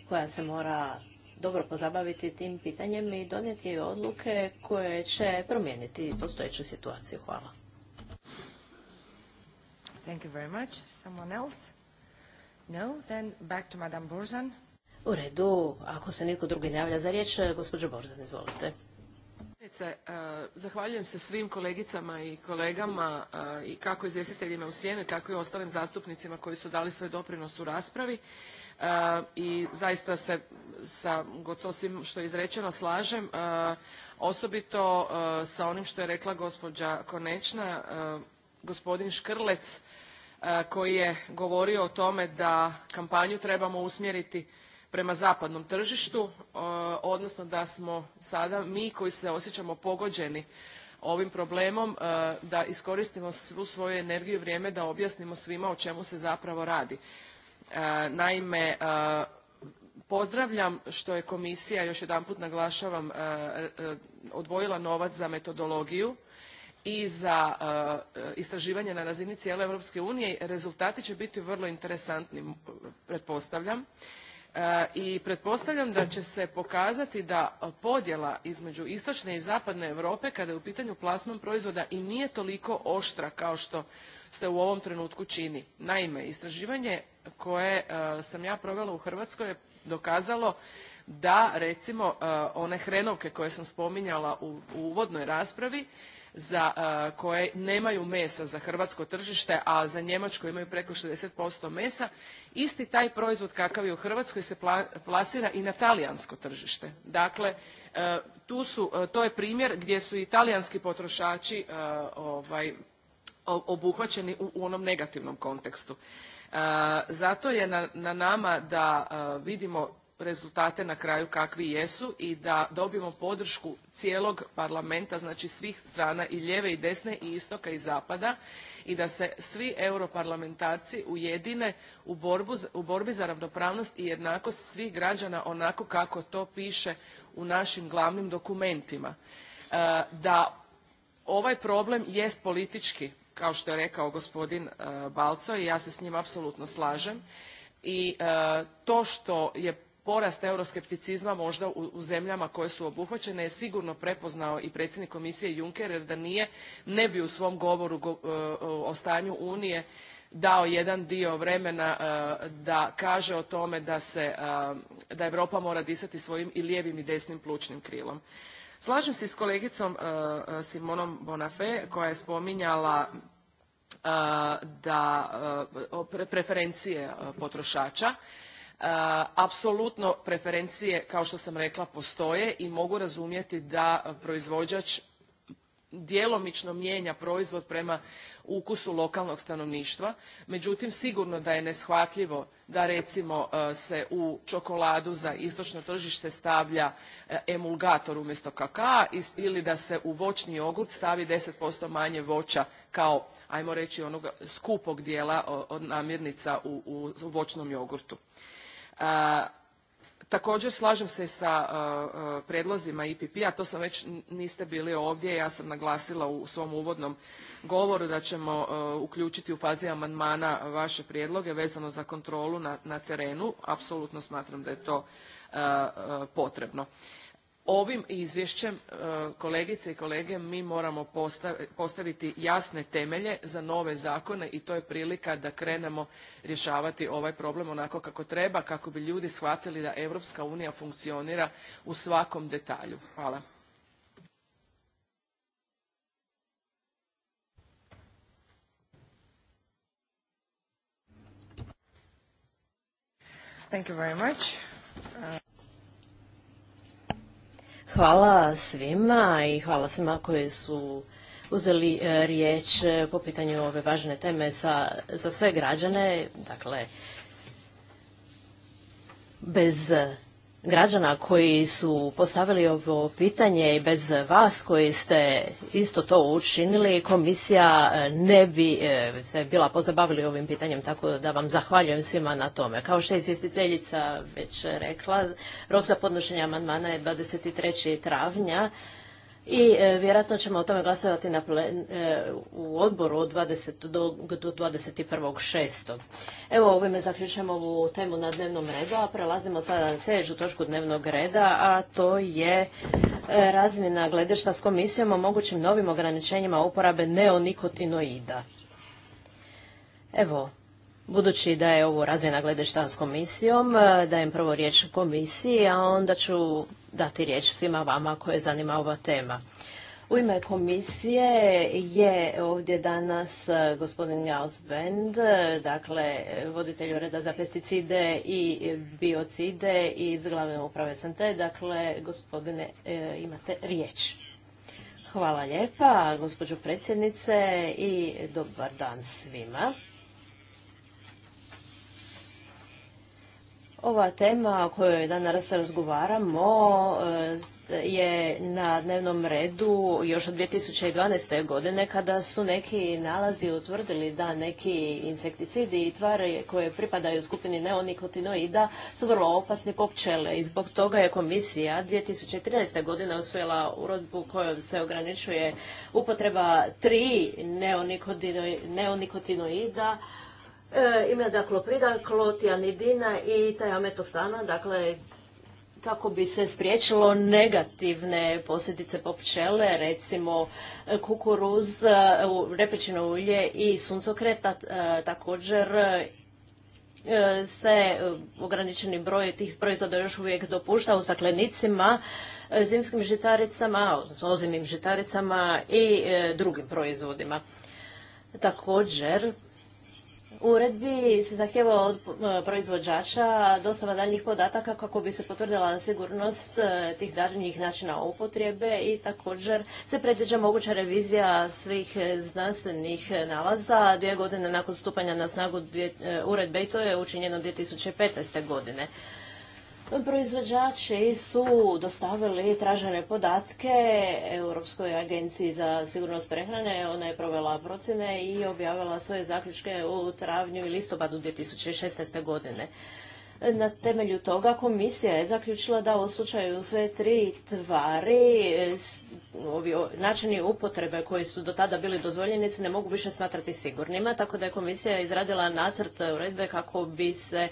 Speaker 4: koja se mora dobro pozabaviti tim pitanjem i donijeti odluke koje će promijeniti postojeću situaciju. Hvala. Thank you very much. Someone else? No? Then back to Borzan. U redu, ako se niko drugi ne javlja za riječ, e, gospođo Borzan, izvolite.
Speaker 2: E, zahvaljujem se svim kolegicama i kolegama e, i kako izvjestiteljima u sjeni, tako i ostalim zastupnicima koji su dali svoj doprinos u raspravi i zaista se sa gotovo svim što je izrečeno slažem, osobito sa onim što je rekla gospođa Konečna, gospodin Škrlec koji je govorio o tome da kampanju trebamo usmjeriti prema zapadnom tržištu, e, odnosno da smo sada mi koji se osjećamo pogođeni ovim problemom e, da iskoristimo svu svoju energiju i vrijeme da objasnimo svima o čemu se zapravo radi. E, naime, pozdravljam što je komisija, još jedanput naglašavam, odvojila novac za metodologiju i za istraživanje na razini cijele Europske unije. Rezultati će biti vrlo interesantni, pretpostavljam. E, i pretpostavljam da će se pokazati da podjela između istočne i zapadne Europe kada je u pitanju plasman proizvoda i nije toliko oštra kao što se u ovom trenutku čini. Naime, istraživanje koje e, sam ja provela u Hrvatskoj je dokazalo da recimo e, one hrenovke koje sam spominjala u uvodnoj raspravi za, e, koje nemaju mesa za hrvatsko tržište, a za Njemačko imaju preko 60% mesa, isti taj proizvod kakav je u Hrvatskoj se plasira i na talijansko tržište. Dakle, e, tu su, e, to je primjer gdje su i talijanski potrošači ovaj, obuhvaćeni u, onom negativnom kontekstu. Zato je na nama da vidimo rezultate na kraju kakvi jesu i da dobijemo podršku cijelog parlamenta, znači svih strana i lijeve i desne i istoka i zapada i da se svi europarlamentarci ujedine u, u borbi za ravnopravnost i jednakost svih građana onako kako to piše u našim glavnim dokumentima. E, da ovaj problem jest politički, kao što je rekao gospodin e, Balco i ja se s njim apsolutno slažem i e, to što je porast euroskepticizma možda u, zemljama koje su obuhvaćene je sigurno prepoznao i predsjednik komisije Juncker jer da nije ne bi u svom govoru e, o stanju Unije dao jedan dio vremena e, da kaže o tome da se, e, da Europa mora disati svojim i lijevim i desnim plućnim krilom. Slažem se s kolegicom Simonom Bonafé koja je spominjala da preferencije potrošača. Apsolutno preferencije, kao što sam rekla, postoje i mogu razumjeti da proizvođač djelomično mijenja proizvod prema ukusu lokalnog stanovništva međutim sigurno da je neshvatljivo da recimo se u čokoladu za istočno tržište stavlja emulgator umjesto kakaa ili da se u voćni jogurt stavi 10% manje voća kao ajmo reći onog skupog dijela od namirnica u, u voćnom jogurtu E, također slažem se sa e, e, predlozima IPP-a, to sam već niste bili ovdje, ja sam naglasila u svom uvodnom govoru da ćemo uključiti u fazi amandmana vaše prijedloge vezano za kontrolu na terenu. Apsolutno smatram da je to potrebno ovim izvješćem e, kolegice i kolege mi moramo postaviti jasne temelje za nove zakone i to je prilika da krenemo rješavati ovaj problem onako kako treba kako bi ljudi shvatili da europska unija funkcionira u svakom detalju. hvala.
Speaker 4: Uh, Hvala svima i hvala svima koji su uzeli e, riječ e, po pitanju ove važne teme za, za sve građane. Dakle, bez građana koji su postavili ovo pitanje i bez vas koji ste isto to učinili, komisija e, ne bi e, se bila pozabavili ovim pitanjem, tako da vam zahvaljujem svima na tome. Kao što je izvjestiteljica već rekla, rok za podnošenje amandmana je 23. travnja i e, vjerojatno ćemo o tome glasovati na e, u odboru od 20 do, do 21.6. Evo ovime zaključujemo ovu temu na dnevnom redu, a prelazimo sada na sljedeću točku dnevnog reda, a to je e, razmjena gledešta s komisijom o mogućim novim ograničenjima uporabe neonikotinoida. Evo, Budući da je ovo razmjena gledešta s komisijom, dajem prvo riječ komisiji, a onda ću dati riječ svima vama koje zanima ova tema. U ime komisije je ovdje danas e, gospodin Jaus Bend, e, dakle voditelj ureda za pesticide i biocide iz glavne uprave Sante. Dakle, gospodine, e, imate riječ. Hvala lijepa, gospođo predsjednice i dobar dan svima. Ova tema o kojoj danas razgovaramo e, je na dnevnom redu još od 2012. godine kada su neki nalazi utvrdili da neki insekticidi i tvari koje pripadaju skupini neonikotinoida su vrlo opasni po pčele i zbog toga je komisija 2013. godine usvojila urodbu kojom se ograničuje upotreba tri neonikotinoida e, pridaklo, dakle klotijanidina i ametosana, dakle kako bi se spriječilo negativne posljedice po pčele, recimo e, kukuruz, e, repičino ulje i suncokret, e, također se ograničeni broj tih proizvoda još uvijek dopušta u staklenicima, zimskim žitaricama, ozimim žitaricama i drugim proizvodima. Također, uredbi se zahtjeva od e, proizvođača dostava daljnjih podataka kako bi se potvrdila sigurnost e, tih daljnjih načina upotrebe i također se predviđa moguća revizija svih e, znanstvenih nalaza dvije godine nakon stupanja na snagu uredbe i to je učinjeno 2015. godine. Proizvođači su dostavili tražene podatke Europskoj agenciji za sigurnost prehrane. Ona je provela procjene i objavila svoje zaključke u travnju i listopadu 2016. godine. Na temelju toga komisija je zaključila da u slučaju sve tri tvari ovi načini upotrebe koji su do tada bili dozvoljeni se ne mogu više smatrati sigurnima, tako da je komisija izradila nacrt uredbe kako bi se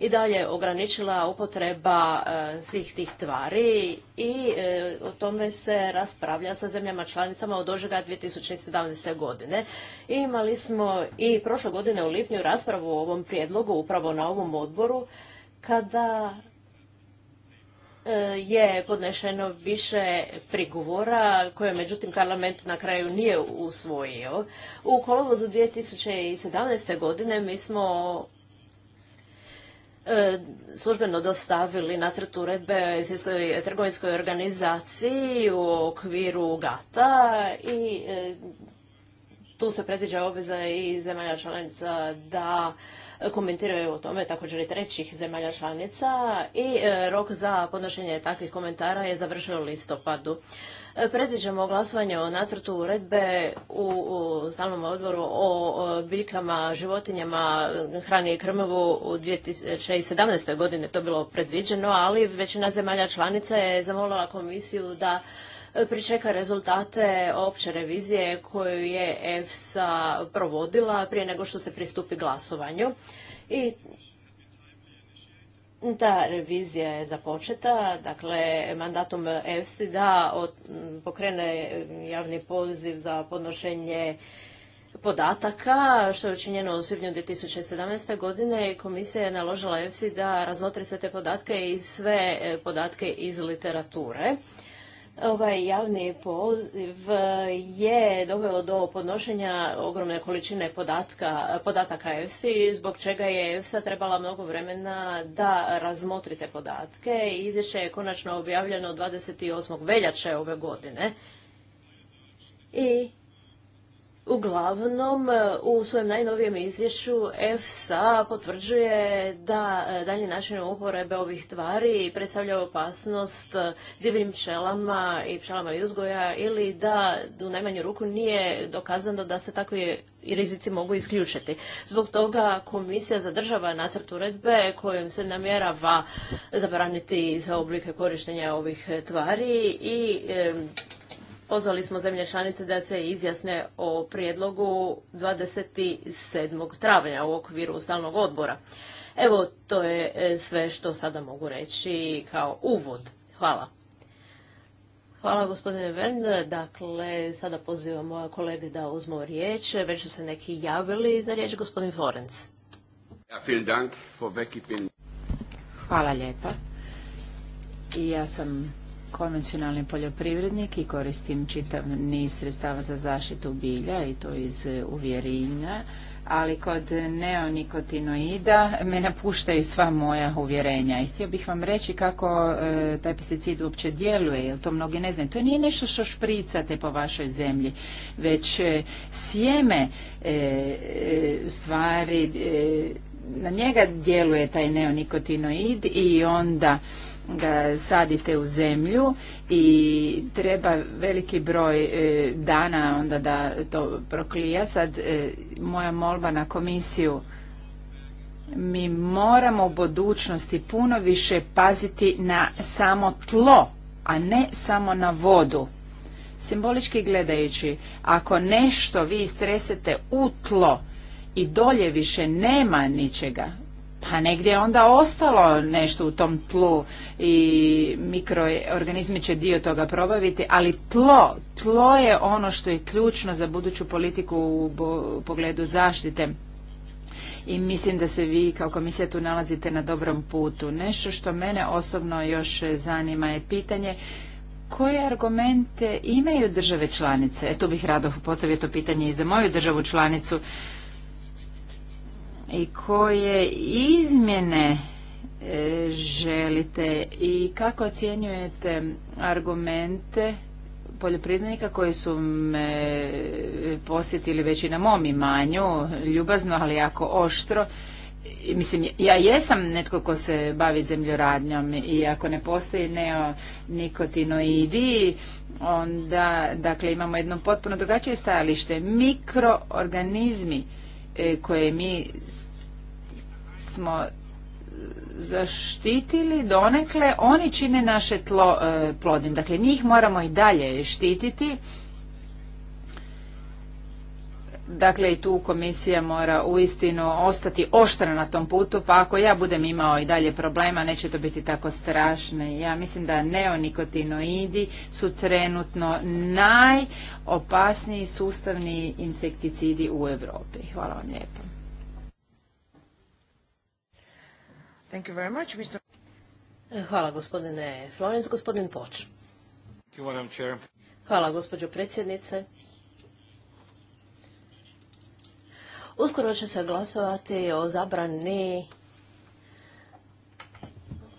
Speaker 4: i dalje ograničila upotreba e, svih tih tvari i e, o tome se raspravlja sa zemljama članicama od ožega 2017. godine. I imali smo i prošle godine u lipnju raspravu o ovom prijedlogu upravo na ovom odboru kada E, je podnešeno više prigovora koje međutim parlament na kraju nije usvojio. U kolovozu 2017. godine mi smo e, službeno dostavili nacrt uredbe Svjetskoj trgovinskoj organizaciji u okviru GATA i e, tu se predviđa obveza i zemalja članica da komentiraju o tome također i trećih zemalja članica i e, rok za podnošenje takvih komentara je završio listopadu. E, predviđamo glasovanje o nacrtu uredbe u, stalnom odboru o biljkama, životinjama, hrani i krmovu u 2017. godine to bilo predviđeno, ali većina zemalja članica je zamolila komisiju da pričeka rezultate opće revizije koju je EFSA provodila prije nego što se pristupi glasovanju. I ta revizija je započeta, dakle mandatom EFSI da pokrene javni poziv za podnošenje podataka, što je učinjeno u svibnju 2017. godine i komisija je naložila EFSI da razmotri sve te podatke i sve e, podatke iz literature. Ovaj javni poziv e, je doveo do podnošenja ogromne količine podataka EFSI, zbog čega je EFSA trebala mnogo vremena da razmotrite podatke. Izvješće je konačno objavljeno 28. veljače ove godine. I Uglavnom, e, u svojem najnovijem izvješću EFSA potvrđuje da e, dalje način uporebe ovih tvari predstavlja opasnost e, divljim pčelama i pčelama uzgoja ili da u najmanju ruku nije dokazano da se takvi rizici mogu isključiti. Zbog toga komisija zadržava nacrt uredbe kojom se namjerava zabraniti za oblike korištenja ovih tvari i Pozvali smo zemlje članice da se izjasne o prijedlogu 27. travnja u okviru stalnog odbora. Evo, to je e, sve što sada mogu reći kao uvod. Hvala. Hvala gospodine Vern. Dakle, sada pozivam moja kolege da uzmu riječ. Već su se neki javili za riječ. Gospodin
Speaker 1: Florenc.
Speaker 2: Hvala lijepa.
Speaker 1: I ja sam konvencionalni poljoprivrednik i koristim čitav niz sredstava za zaštitu bilja i to iz e, uvjerenja, ali kod neonikotinoida me napuštaju sva moja uvjerenja i htio bih vam reći kako e, taj pesticid uopće djeluje, jer to mnogi ne znaju. To nije nešto što špricate po vašoj zemlji, već e, sjeme stvari, na njega djeluje taj neonikotinoid i onda da sadite u zemlju i treba veliki broj e, dana onda da to proklija. Sad e, moja molba na komisiju mi moramo u budućnosti puno više paziti na samo tlo, a ne samo na vodu. Simbolički gledajući, ako nešto vi stresete u tlo i dolje više nema ničega, pa negdje je onda ostalo nešto u tom tlu i mikroorganizmi će dio toga probaviti, ali tlo, tlo je ono što je ključno za buduću politiku u pogledu zaštite. I mislim da se vi kao komisija tu nalazite na dobrom putu. Nešto što mene osobno još zanima je pitanje koje argumente imaju države članice? E, tu bih rado postavio to pitanje i za moju državu članicu i koje izmjene e, želite i kako ocjenjujete argumente poljoprivrednika koji su me posjetili već i na mom imanju, ljubazno ali jako oštro. Mislim, ja jesam netko ko se bavi zemljoradnjom i ako ne postoji neonikotinoidi, onda dakle, imamo jedno potpuno drugačije stajalište. Mikroorganizmi E, koje mi smo zaštitili donekle, oni čine naše tlo e, plodnim. Dakle, njih moramo i dalje štititi Dakle, i tu komisija mora uistinu ostati oštra na tom putu, pa ako ja budem imao i dalje problema, neće to biti tako strašno. Ja mislim da neonikotinoidi su trenutno najopasniji sustavni insekticidi u Europi. Hvala vam lijepo. Hvala
Speaker 4: gospodine Florence, gospodin Poč. Hvala gospođo predsjednice. Uskoro će se glasovati o zabrani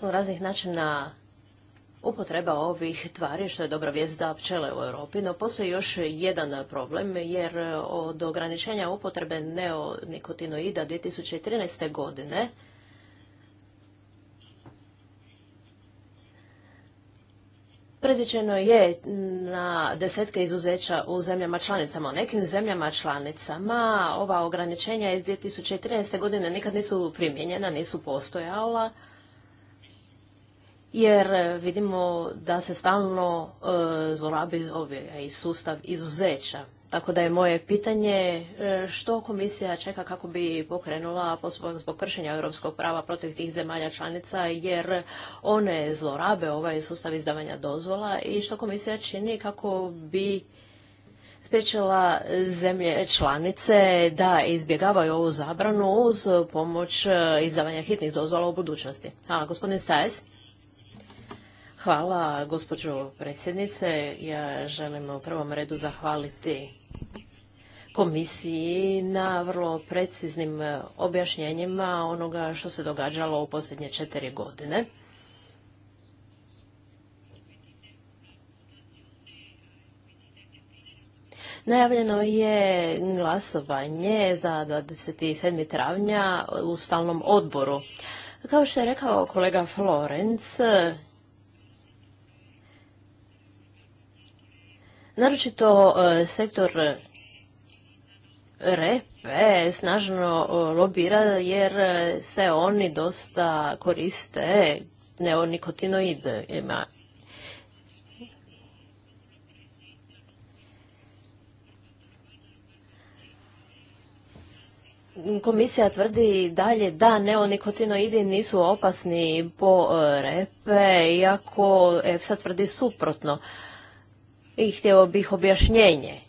Speaker 4: raznih načina upotreba ovih tvari, što je dobra vijest za pčele u Europi, no postoji još jedan problem, jer od ograničenja upotrebe neonikotinoida 2013. godine Predviđeno je na desetke izuzeća u zemljama članicama. U nekim zemljama članicama ova ograničenja iz 2013. godine nikad nisu primjenjena, nisu postojala, jer vidimo da se stalno e, zlorabi ovaj sustav izuzeća. Tako da je moje pitanje e, što komisija čeka kako bi pokrenula postupak zbog kršenja europskog prava protiv tih zemalja članica jer one zlorabe ovaj sustav izdavanja dozvola i što komisija čini kako bi spriječila zemlje članice da izbjegavaju ovu zabranu uz pomoć e, izdavanja hitnih dozvola u budućnosti. Hvala, gospodin Stajes. Hvala, gospođo predsjednice. Ja želim u prvom redu zahvaliti komisiji na vrlo preciznim objašnjenjima onoga što se događalo u posljednje četiri godine. Najavljeno je glasovanje za 27. travnja u stalnom odboru. Kao što je rekao kolega Florenc, Naročito e, sektor e, repe snažno e, lobira jer se oni dosta koriste neonikotinoidima. Komisija tvrdi dalje da neonikotinoidi nisu opasni po repe, iako EFSA tvrdi suprotno i htio bih objašnjenje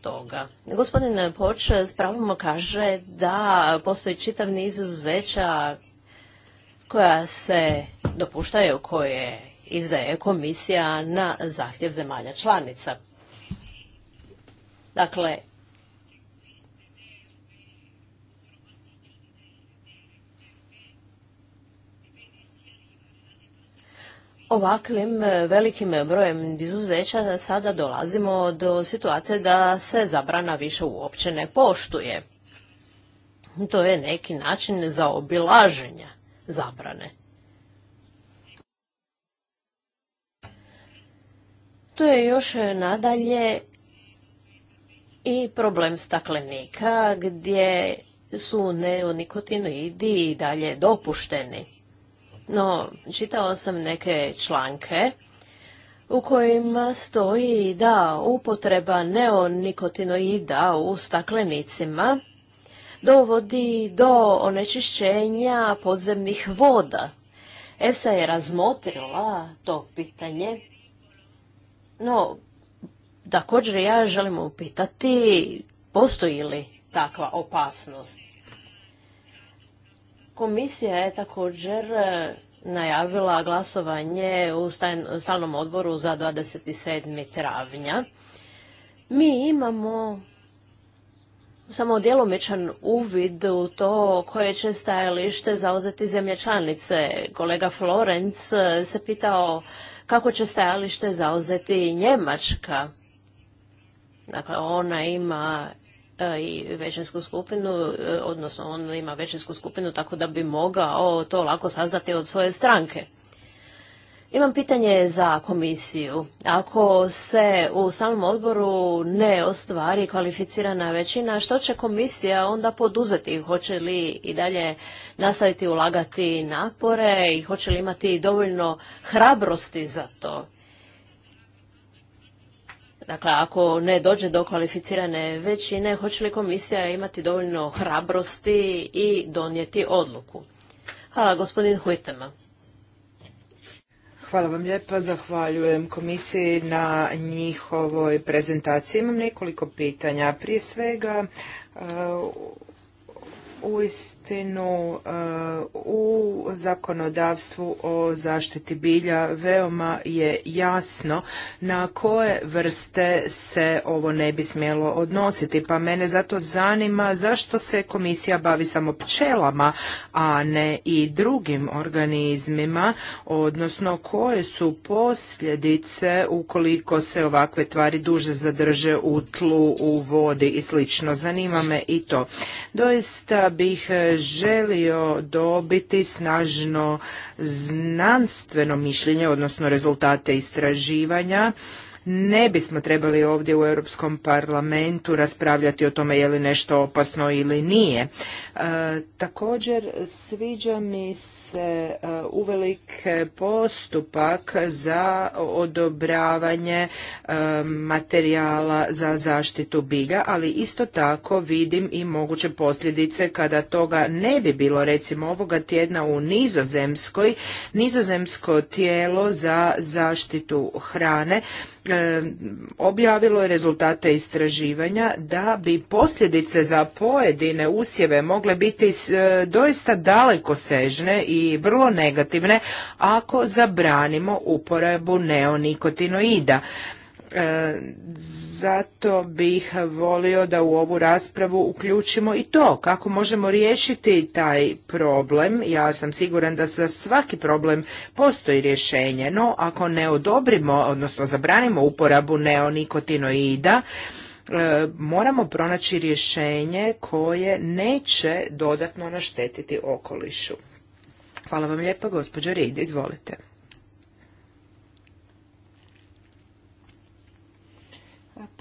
Speaker 4: toga. Gospodin Poč s kaže da postoji čitav niz izuzeća koja se dopuštaju, koje izdaje komisija na zahtjev zemalja članica. Dakle, ovakvim e, velikim brojem izuzeća sada dolazimo do situacije da se zabrana više uopće ne poštuje. To je neki način zaobilaženja zabrane. Tu je još nadalje i problem staklenika gdje su neonikotinoidi i dalje dopušteni. No, čitao sam neke članke u kojima stoji da upotreba neonikotinoida u staklenicima dovodi do onečišćenja podzemnih voda. EFSA je razmotrila to pitanje, no također ja želim upitati postoji li takva opasnost. Komisija je također e, najavila glasovanje u stalnom odboru za 27. travnja. Mi imamo samo djelomičan uvid u to koje će stajalište zauzeti zemlje članice. Kolega Florenc e, se pitao kako će stajalište zauzeti Njemačka. Dakle, ona ima E, i većinsku skupinu, e, odnosno on ima većinsku skupinu tako da bi mogao to lako saznati od svoje stranke. Imam pitanje za komisiju. Ako se u samom odboru ne ostvari kvalificirana većina, što će komisija onda poduzeti? Hoće li i dalje nastaviti ulagati napore i hoće li imati dovoljno hrabrosti za to? Dakle, ako ne dođe do kvalificirane većine, hoće li komisija imati dovoljno hrabrosti i donijeti odluku? Hvala, gospodin Huitema.
Speaker 3: Hvala vam lijepa, zahvaljujem komisiji na njihovoj prezentaciji. Imam nekoliko pitanja. Prije svega, e, u uistinu eh, u zakonodavstvu o zaštiti bilja veoma je jasno na koje vrste se ovo ne bi smjelo odnositi. Pa mene zato zanima zašto se komisija bavi samo pčelama, a ne i drugim organizmima, odnosno koje su posljedice ukoliko se ovakve tvari duže zadrže u tlu, u vodi i slično. Zanima me i to. Doista bih želio dobiti snažno znanstveno mišljenje, odnosno rezultate istraživanja ne bismo trebali ovdje u Europskom parlamentu raspravljati o tome je li nešto opasno ili nije. E, također sviđa mi se e, uvelik postupak za odobravanje e, materijala za zaštitu bilja, ali isto tako vidim i moguće posljedice kada toga ne bi bilo recimo ovoga tjedna u Nizozemskoj, Nizozemsko tijelo za zaštitu hrane E, objavilo je rezultate istraživanja da bi posljedice za pojedine usjeve mogle biti e, doista daleko sežne i vrlo negativne ako zabranimo uporabu neonikotinoida. E, zato bih volio da u ovu raspravu uključimo i to kako možemo riješiti taj problem. Ja sam siguran da za svaki problem postoji rješenje, no ako ne odobrimo, odnosno zabranimo uporabu neonikotinoida, e, moramo pronaći rješenje koje neće dodatno naštetiti okolišu. Hvala vam lijepa, gospođo Rid, izvolite.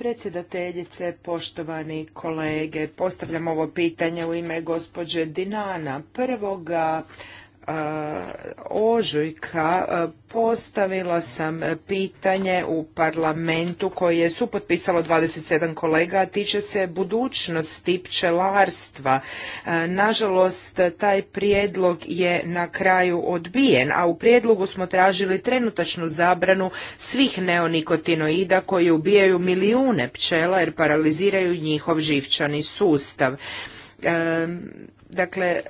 Speaker 3: predsjedateljice, poštovani kolege. Postavljam ovo pitanje u ime gospođe Dinana. Prvoga ožujka postavila sam pitanje u parlamentu koje je supotpisalo 27 kolega, a tiče se budućnosti pčelarstva. Nažalost, taj prijedlog je na kraju odbijen, a u prijedlogu smo tražili trenutačnu zabranu svih neonikotinoida koji ubijaju milijune pčela jer paraliziraju njihov živčani sustav. Dakle,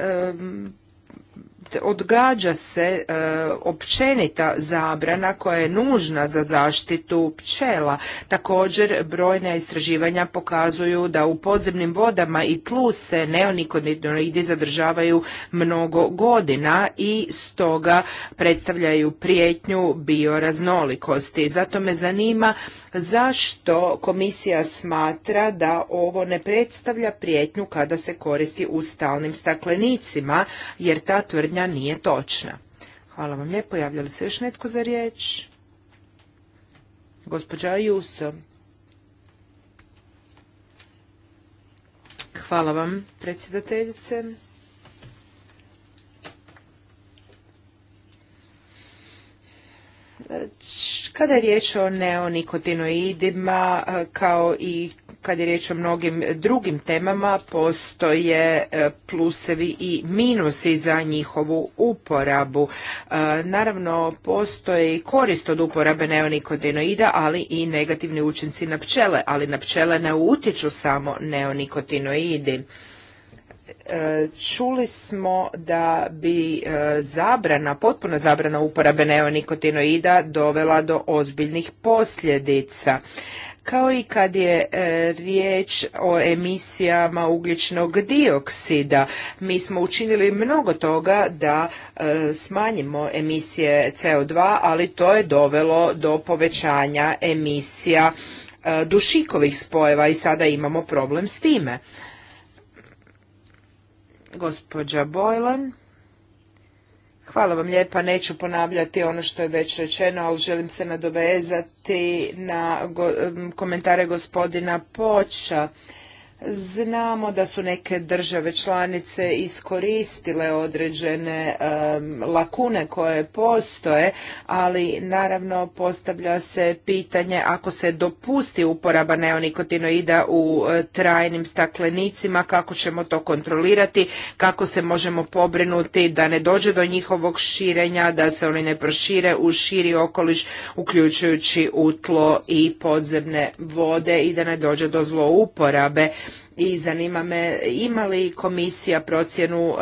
Speaker 3: odgađa se e, općenita zabrana koja je nužna za zaštitu pčela. Također brojna istraživanja pokazuju da u podzemnim vodama i tlu se neonikotinoidi zadržavaju mnogo godina i stoga predstavljaju prijetnju bioraznolikosti. Zato me zanima zašto komisija smatra da ovo ne predstavlja prijetnju kada se koristi u stalnim staklenicima jer ta tvrdnja nije točna. Hvala vam lijepo. Javlja li se još netko za riječ? Gospođa Juso. Hvala vam, predsjedateljice. Kada je riječ o neonikotinoidima e, kao i kad je riječ o mnogim drugim temama postoje e, plusevi i minusi za njihovu uporabu. E, naravno, postoje i korist od uporabe neonikotinoida, ali i negativni učinci na pčele, ali na pčele ne utječu samo neonikotinoidi e, čuli smo da bi zabrana, potpuno zabrana uporabe neonikotinoida dovela do ozbiljnih posljedica kao i kad je e, riječ o emisijama ugljičnog dioksida. Mi smo učinili mnogo toga da e, smanjimo emisije CO2, ali to je dovelo do povećanja emisija e, dušikovih spojeva i sada imamo problem s time. Gospođa Bojlan. Hvala vam lijepa, neću ponavljati ono što je već rečeno, ali želim se nadovezati na komentare gospodina Poča. Znamo da su neke države članice iskoristile određene lakune koje postoje, ali naravno postavlja se pitanje ako se dopusti uporaba neonikotinoida u e, trajnim staklenicima, kako ćemo to kontrolirati, kako se možemo pobrinuti da ne dođe do njihovog širenja, da se oni ne prošire u širi okoliš, uključujući utlo i podzemne vode i da ne dođe do zlouporabe i zanima me ima li komisija procjenu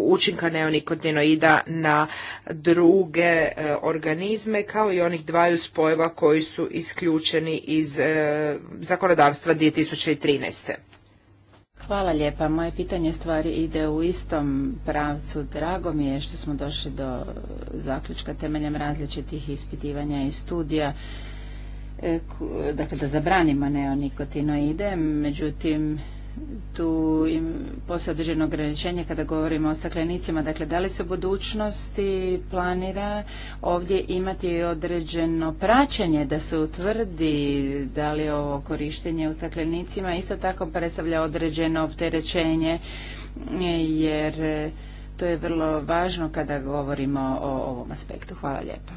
Speaker 3: učinka neonikotinoida na druge e, organizme kao i onih dvaju spojeva koji su isključeni iz e, zakonodavstva 2013.
Speaker 1: Hvala lijepa. Moje pitanje stvari ide u istom pravcu. Drago mi je što smo došli do zaključka temeljem različitih ispitivanja i studija E, dakle da zabranimo neonikotinoide, međutim tu poslije određeno ograničenje kada govorimo o staklenicima. Dakle, da li se u budućnosti planira ovdje imati određeno praćenje da se utvrdi da li ovo korištenje u staklenicima isto tako predstavlja određeno opterećenje jer to je vrlo važno kada govorimo o ovom aspektu. Hvala lijepa.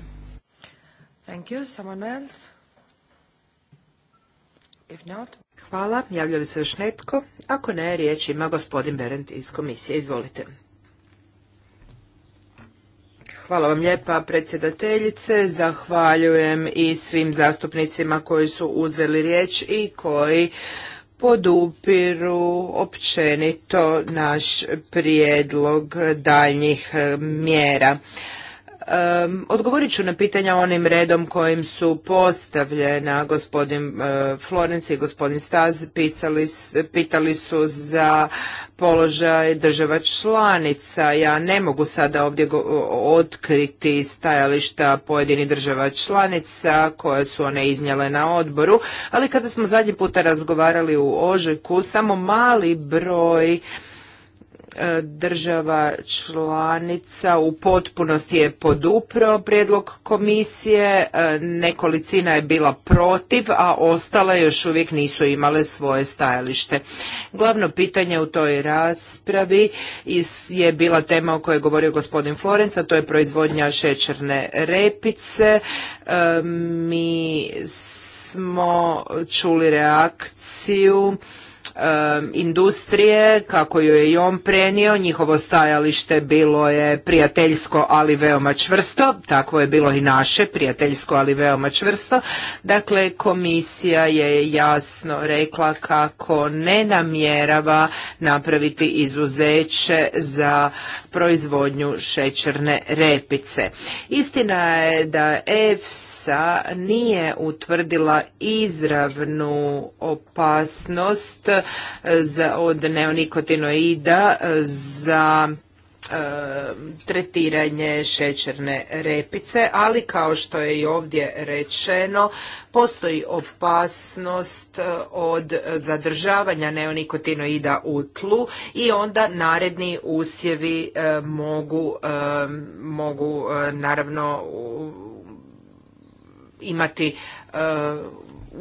Speaker 1: Thank you. Someone else?
Speaker 5: If
Speaker 3: Hvala. Javlja li se još netko? Ako ne, riječ ima gospodin Berend iz komisije. Izvolite. Hvala vam lijepa predsjedateljice, zahvaljujem i svim zastupnicima koji su uzeli riječ i koji podupiru općenito naš prijedlog daljnjih mjera odgovorit ću na pitanja onim redom kojim su postavljena gospodin uh, i gospodin Staz pitali su za položaj država članica. Ja ne mogu sada ovdje otkriti stajališta pojedini država članica koje su one iznjele na odboru, ali kada smo zadnji puta razgovarali u Ožujku, samo mali broj E, država članica u potpunosti je podupro prijedlog komisije, e, nekolicina je bila protiv, a ostale još uvijek nisu imale svoje stajalište. Glavno pitanje u toj raspravi je bila tema o kojoj je govorio gospodin Florenca, to je proizvodnja šećerne repice. E, mi smo čuli reakciju industrije, kako ju je i on prenio, njihovo stajalište bilo je prijateljsko ali veoma čvrsto, tako je bilo i naše, prijateljsko ali veoma čvrsto. Dakle, komisija je jasno rekla kako ne namjerava napraviti izuzeće za proizvodnju šećerne repice. Istina je da EFSA nije utvrdila izravnu opasnost za, od neonikotinoida za e, tretiranje šećerne repice, ali kao što je i ovdje rečeno, postoji opasnost e, od zadržavanja neonikotinoida u tlu i onda naredni usjevi e, mogu, mogu naravno imati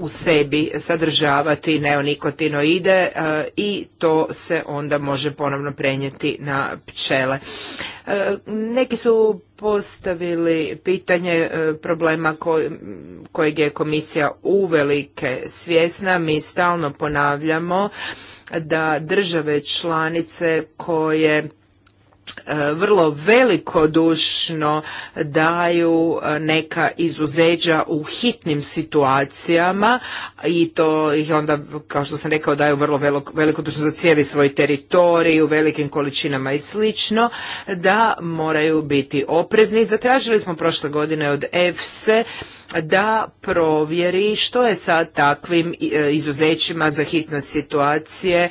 Speaker 3: u sebi sadržavati neonikotinoide e, i to se onda može ponovno prenijeti na pčele. E, neki su postavili pitanje e, problema kojeg je komisija uvelike svjesna. Mi stalno ponavljamo da države članice koje E, vrlo velikodušno daju e, neka izuzeđa u hitnim situacijama i to ih onda, kao što sam rekao, daju vrlo velikodušno za cijeli svoj teritorij u velikim količinama i slično, da moraju biti oprezni. Zatražili smo prošle godine od EFSE da provjeri što je sa takvim e, izuzećima za hitne situacije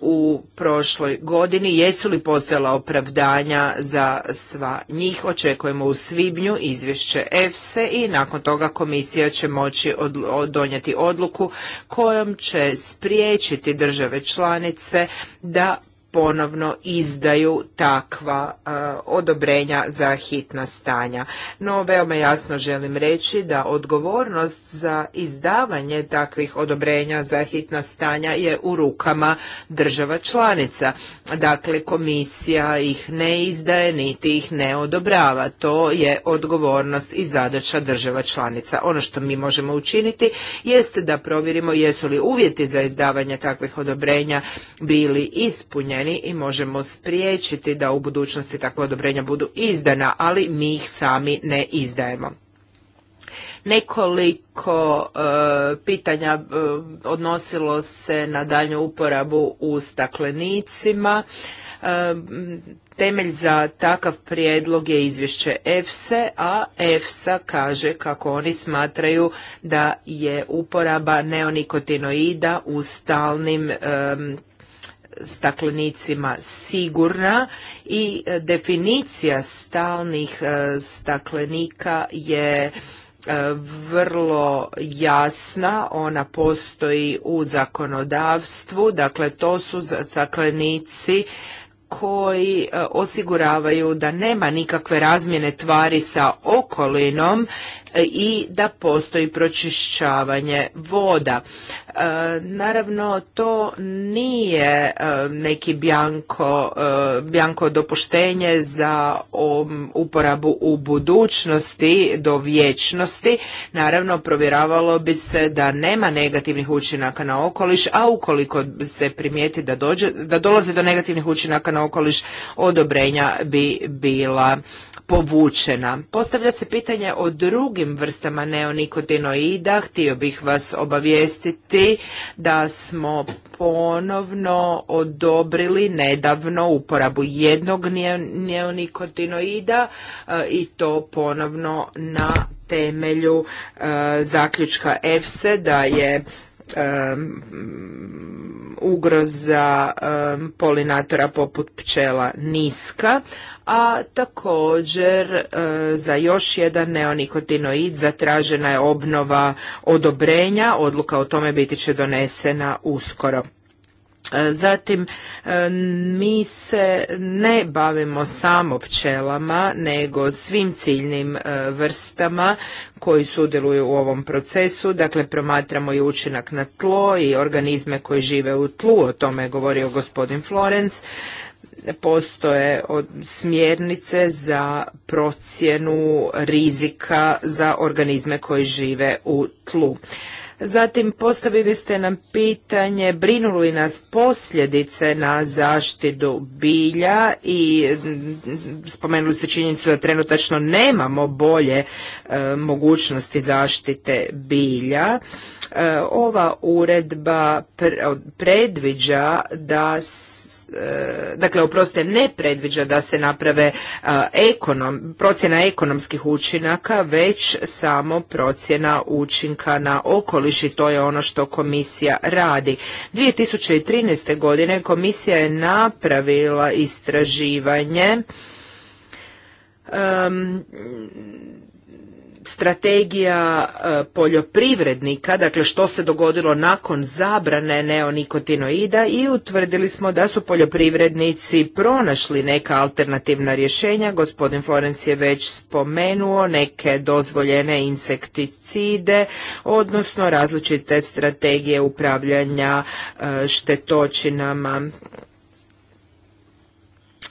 Speaker 3: u prošloj godini, jesu li postojala opravdanja izdanja za sva njih. Očekujemo u svibnju izvješće EFSE i nakon toga komisija će moći donijeti odluku kojom će spriječiti države članice da ponovno izdaju takva e, odobrenja za hitna stanja. No, veoma jasno želim reći da odgovornost za izdavanje takvih odobrenja za hitna stanja je u rukama država članica. Dakle, komisija ih ne izdaje, niti ih ne odobrava. To je odgovornost i zadaća država članica. Ono što mi možemo učiniti jeste da provjerimo jesu li uvjeti za izdavanje takvih odobrenja bili ispunjeni i možemo spriječiti da u budućnosti takva odobrenja budu izdana, ali mi ih sami ne izdajemo. Nekoliko e, pitanja e, odnosilo se na daljnju uporabu u staklenicima. E, temelj za takav prijedlog je izvješće EFSE, a EFSA kaže kako oni smatraju da je uporaba neonikotinoida u stalnim staklenicima sigurna i e, definicija stalnih e, staklenika je e, vrlo jasna, ona postoji u zakonodavstvu, dakle to su staklenici koji osiguravaju da nema nikakve razmjene tvari sa okolinom i da postoji pročišćavanje voda. E, naravno, to nije e, neki bjanko, e, bjanko dopuštenje za uporabu u budućnosti do vječnosti. Naravno, provjeravalo bi se da nema negativnih učinaka na okoliš, a ukoliko se primijeti da, dođe, da dolaze do negativnih učinaka na okoliš, odobrenja bi bila povučena. Postavlja se pitanje o drugim vrstama neonikotinoida. Htio bih vas obavijestiti da smo ponovno odobrili nedavno uporabu jednog neonikotinoida eh, i to ponovno na temelju eh, zaključka EFSE da je ugroza polinatora poput pčela niska, a također e, za još jedan neonikotinoid zatražena je obnova odobrenja, odluka o tome biti će donesena uskoro. E, zatim, e, mi se ne bavimo samo pčelama, nego svim ciljnim e, vrstama koji sudjeluju u ovom procesu. Dakle, promatramo i učinak na tlo i organizme koji žive u tlu, o tome je govorio gospodin Florenc postoje smjernice za procjenu rizika za organizme koji žive u tlu. Zatim postavili ste nam pitanje brinuli li nas posljedice na zaštitu bilja i mm, spomenuli ste činjenicu da trenutačno nemamo bolje e, mogućnosti zaštite bilja. E, ova uredba predviđa da E, dakle uproste ne predviđa da se naprave e, ekonom, procjena ekonomskih učinaka već samo procjena učinka na okoliš i to je ono što komisija radi. 2013. godine komisija je napravila istraživanje strategija e, poljoprivrednika, dakle što se dogodilo nakon zabrane neonikotinoida i utvrdili smo da su poljoprivrednici pronašli neka alternativna rješenja. Gospodin Florenc je već spomenuo neke dozvoljene insekticide, odnosno različite strategije upravljanja e, štetočinama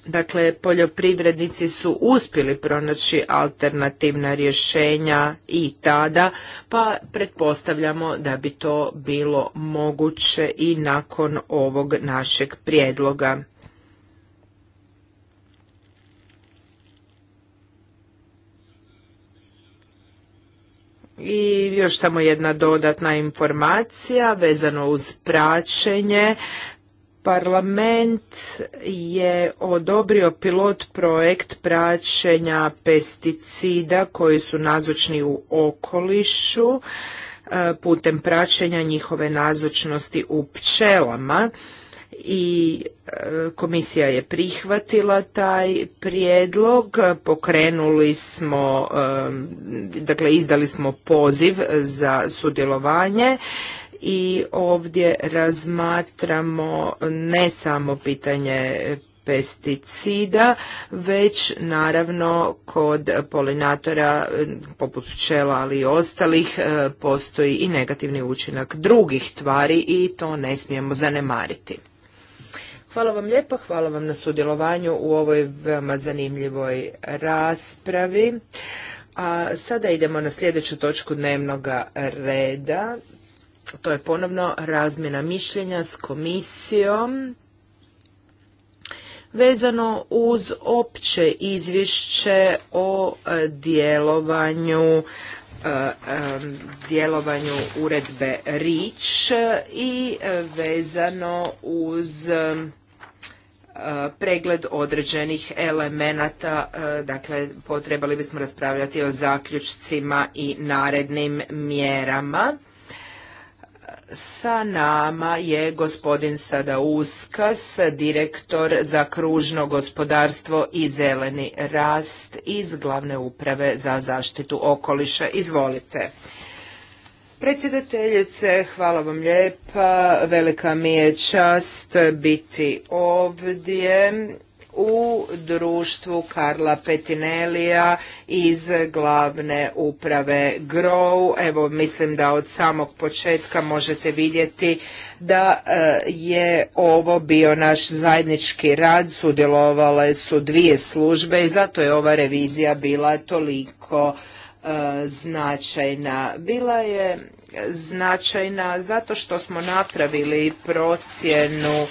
Speaker 3: Dakle, poljoprivrednici su uspjeli pronaći alternativna rješenja i tada, pa pretpostavljamo da bi to bilo moguće i nakon ovog našeg prijedloga. I još samo jedna dodatna informacija vezano uz praćenje Parlament je odobrio pilot projekt praćenja pesticida koji su nazočni u okolišu e, putem praćenja njihove nazočnosti u pčelama i e, komisija je prihvatila taj prijedlog pokrenuli smo e, dakle izdali smo poziv za sudjelovanje i ovdje razmatramo ne samo pitanje pesticida, već naravno kod polinatora poput pčela ali i ostalih e, postoji i negativni učinak drugih tvari i to ne smijemo zanemariti. Hvala vam lijepo, hvala vam na sudjelovanju u ovoj veoma zanimljivoj raspravi. A sada idemo na sljedeću točku dnevnog reda. To je ponovno razmjena mišljenja s komisijom vezano uz opće izvješće o e, djelovanju e, e, djelovanju uredbe RIČ i vezano uz pregled određenih elemenata, dakle potrebali bismo raspravljati o zaključcima i narednim mjerama. Sa nama je gospodin Sada Uskas, direktor za kružno gospodarstvo i zeleni rast iz Glavne uprave za zaštitu okoliša. Izvolite. Predsjedateljice, hvala vam lijepa. Velika mi je čast biti ovdje u društvu Karla Petinelija iz glavne uprave GROW. Evo, mislim da od samog početka možete vidjeti da e, je ovo bio naš zajednički rad, sudjelovale su dvije službe i zato je ova revizija bila toliko e, značajna. Bila je značajna zato što smo napravili procjenu e,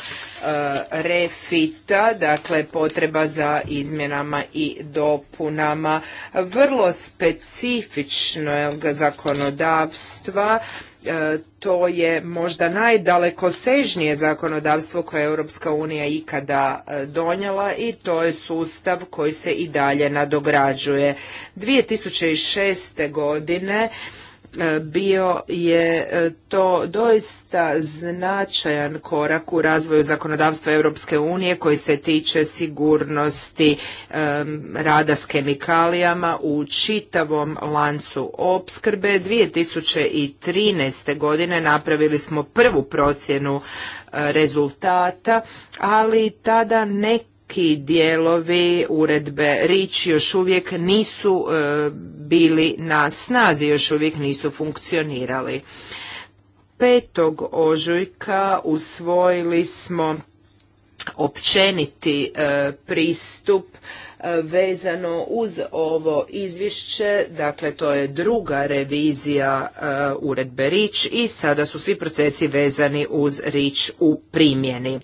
Speaker 3: refita, dakle potreba za izmjenama i dopunama vrlo specifičnog zakonodavstva e, to je možda najdalekosežnije zakonodavstvo koje je Europska unija ikada e, donijela i to je sustav koji se i dalje nadograđuje. 2006. godine E, bio je e, to doista značajan korak u razvoju zakonodavstva Europske unije koji se tiče sigurnosti e, rada s kemikalijama u čitavom lancu opskrbe. 2013. godine napravili smo prvu procjenu rezultata, ali tada neki neki dijelovi uredbe Rič još uvijek nisu e, bili na snazi, još uvijek nisu funkcionirali. 5. ožujka usvojili smo općeniti e, pristup e, vezano uz ovo izvješće, dakle to je druga revizija uredbe Rič i sada su svi procesi vezani uz Rič u primjeni.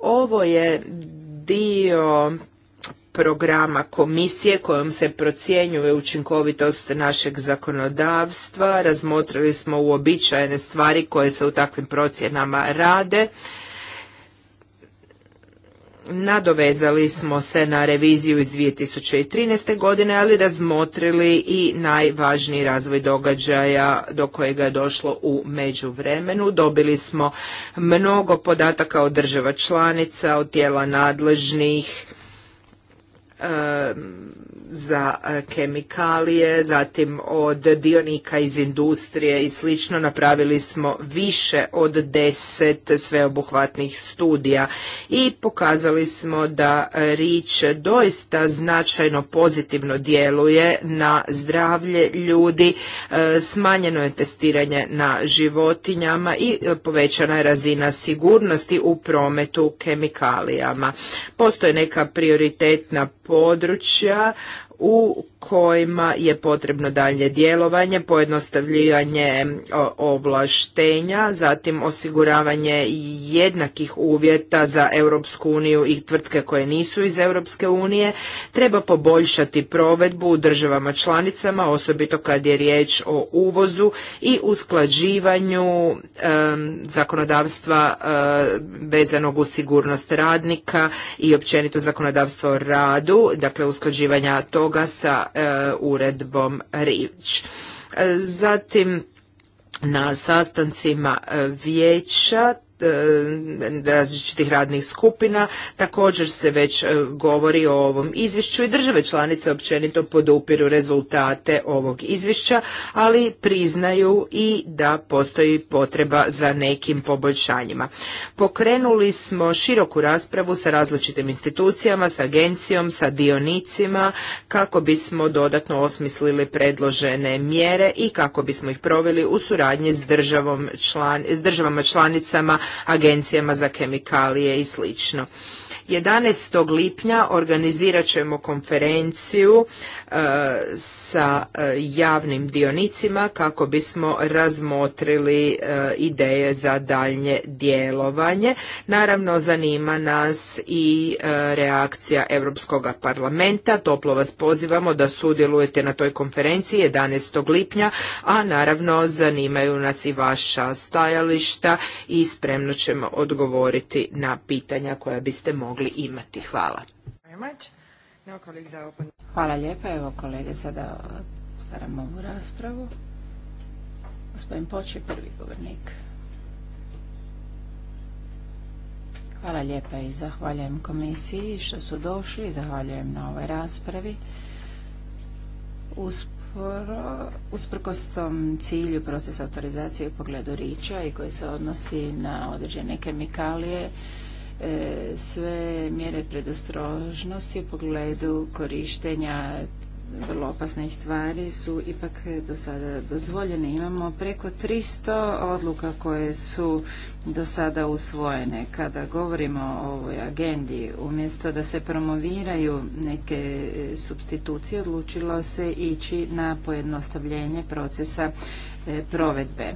Speaker 3: Ovo je dio programa komisije kojom se procjenjuje učinkovitost našeg zakonodavstva. Razmotrili smo uobičajene stvari koje se u takvim procjenama rade Nadovezali smo se na reviziju iz 2013. godine, ali razmotrili i najvažniji razvoj događaja do kojega je došlo u međuvremenu. Dobili smo mnogo podataka od država članica, od tijela nadležnih, za e, kemikalije, zatim od dionika iz industrije i slično napravili smo više od deset sveobuhvatnih studija i pokazali smo da rič doista značajno pozitivno djeluje na zdravlje ljudi, e, smanjeno je testiranje na životinjama i e, povećana je razina sigurnosti u prometu kemikalijama. Postoje neka prioritetna područja u kojima je potrebno dalje djelovanje, pojednostavljivanje ovlaštenja, zatim osiguravanje jednakih uvjeta za Europsku uniju i tvrtke koje nisu iz Europske unije, treba poboljšati provedbu u državama članicama, osobito kad je riječ o uvozu i usklađivanju zakonodavstva e, vezanog uz sigurnost radnika i općenito zakonodavstva o radu, dakle usklađivanja toga sa E, uredbom Rič. E, zatim na sastancima e, vijeća E, različitih radnih skupina. Također se već e, govori o ovom izvješću i države članice općenito podupiru rezultate ovog izvješća, ali priznaju i da postoji potreba za nekim poboljšanjima. Pokrenuli smo široku raspravu sa različitim institucijama, sa agencijom, sa dionicima kako bismo dodatno osmislili predložene mjere i kako bismo ih proveli u suradnji s, s državama članicama agencijama za kemikalije i slično. 11. lipnja organizirat ćemo konferenciju e, sa e, javnim dionicima kako bismo razmotrili e, ideje za daljnje djelovanje. Naravno, zanima nas i reakcija Europskog parlamenta. Toplo vas pozivamo da sudjelujete na toj konferenciji 11. lipnja, a naravno zanimaju nas i vaša stajališta i spremno ćemo odgovoriti na pitanja koja biste mogli mogli imati. Hvala.
Speaker 1: Hvala lijepa. Evo kolege, sada otvaramo ovu raspravu. Gospodin Poče, prvi govornik. Hvala lijepa i zahvaljujem komisiji što su došli, zahvaljujem na ovoj raspravi. Usporo, usprkos tom cilju procesa autorizacije u pogledu riča i koji se odnosi na određene kemikalije, e, sve mjere predostrožnosti u pogledu korištenja vrlo opasnih tvari su ipak do sada dozvoljene. Imamo preko 300 odluka koje su do sada usvojene. Kada govorimo o ovoj agendi, umjesto da se promoviraju neke substitucije, odlučilo se ići na pojednostavljenje procesa e, provedbe.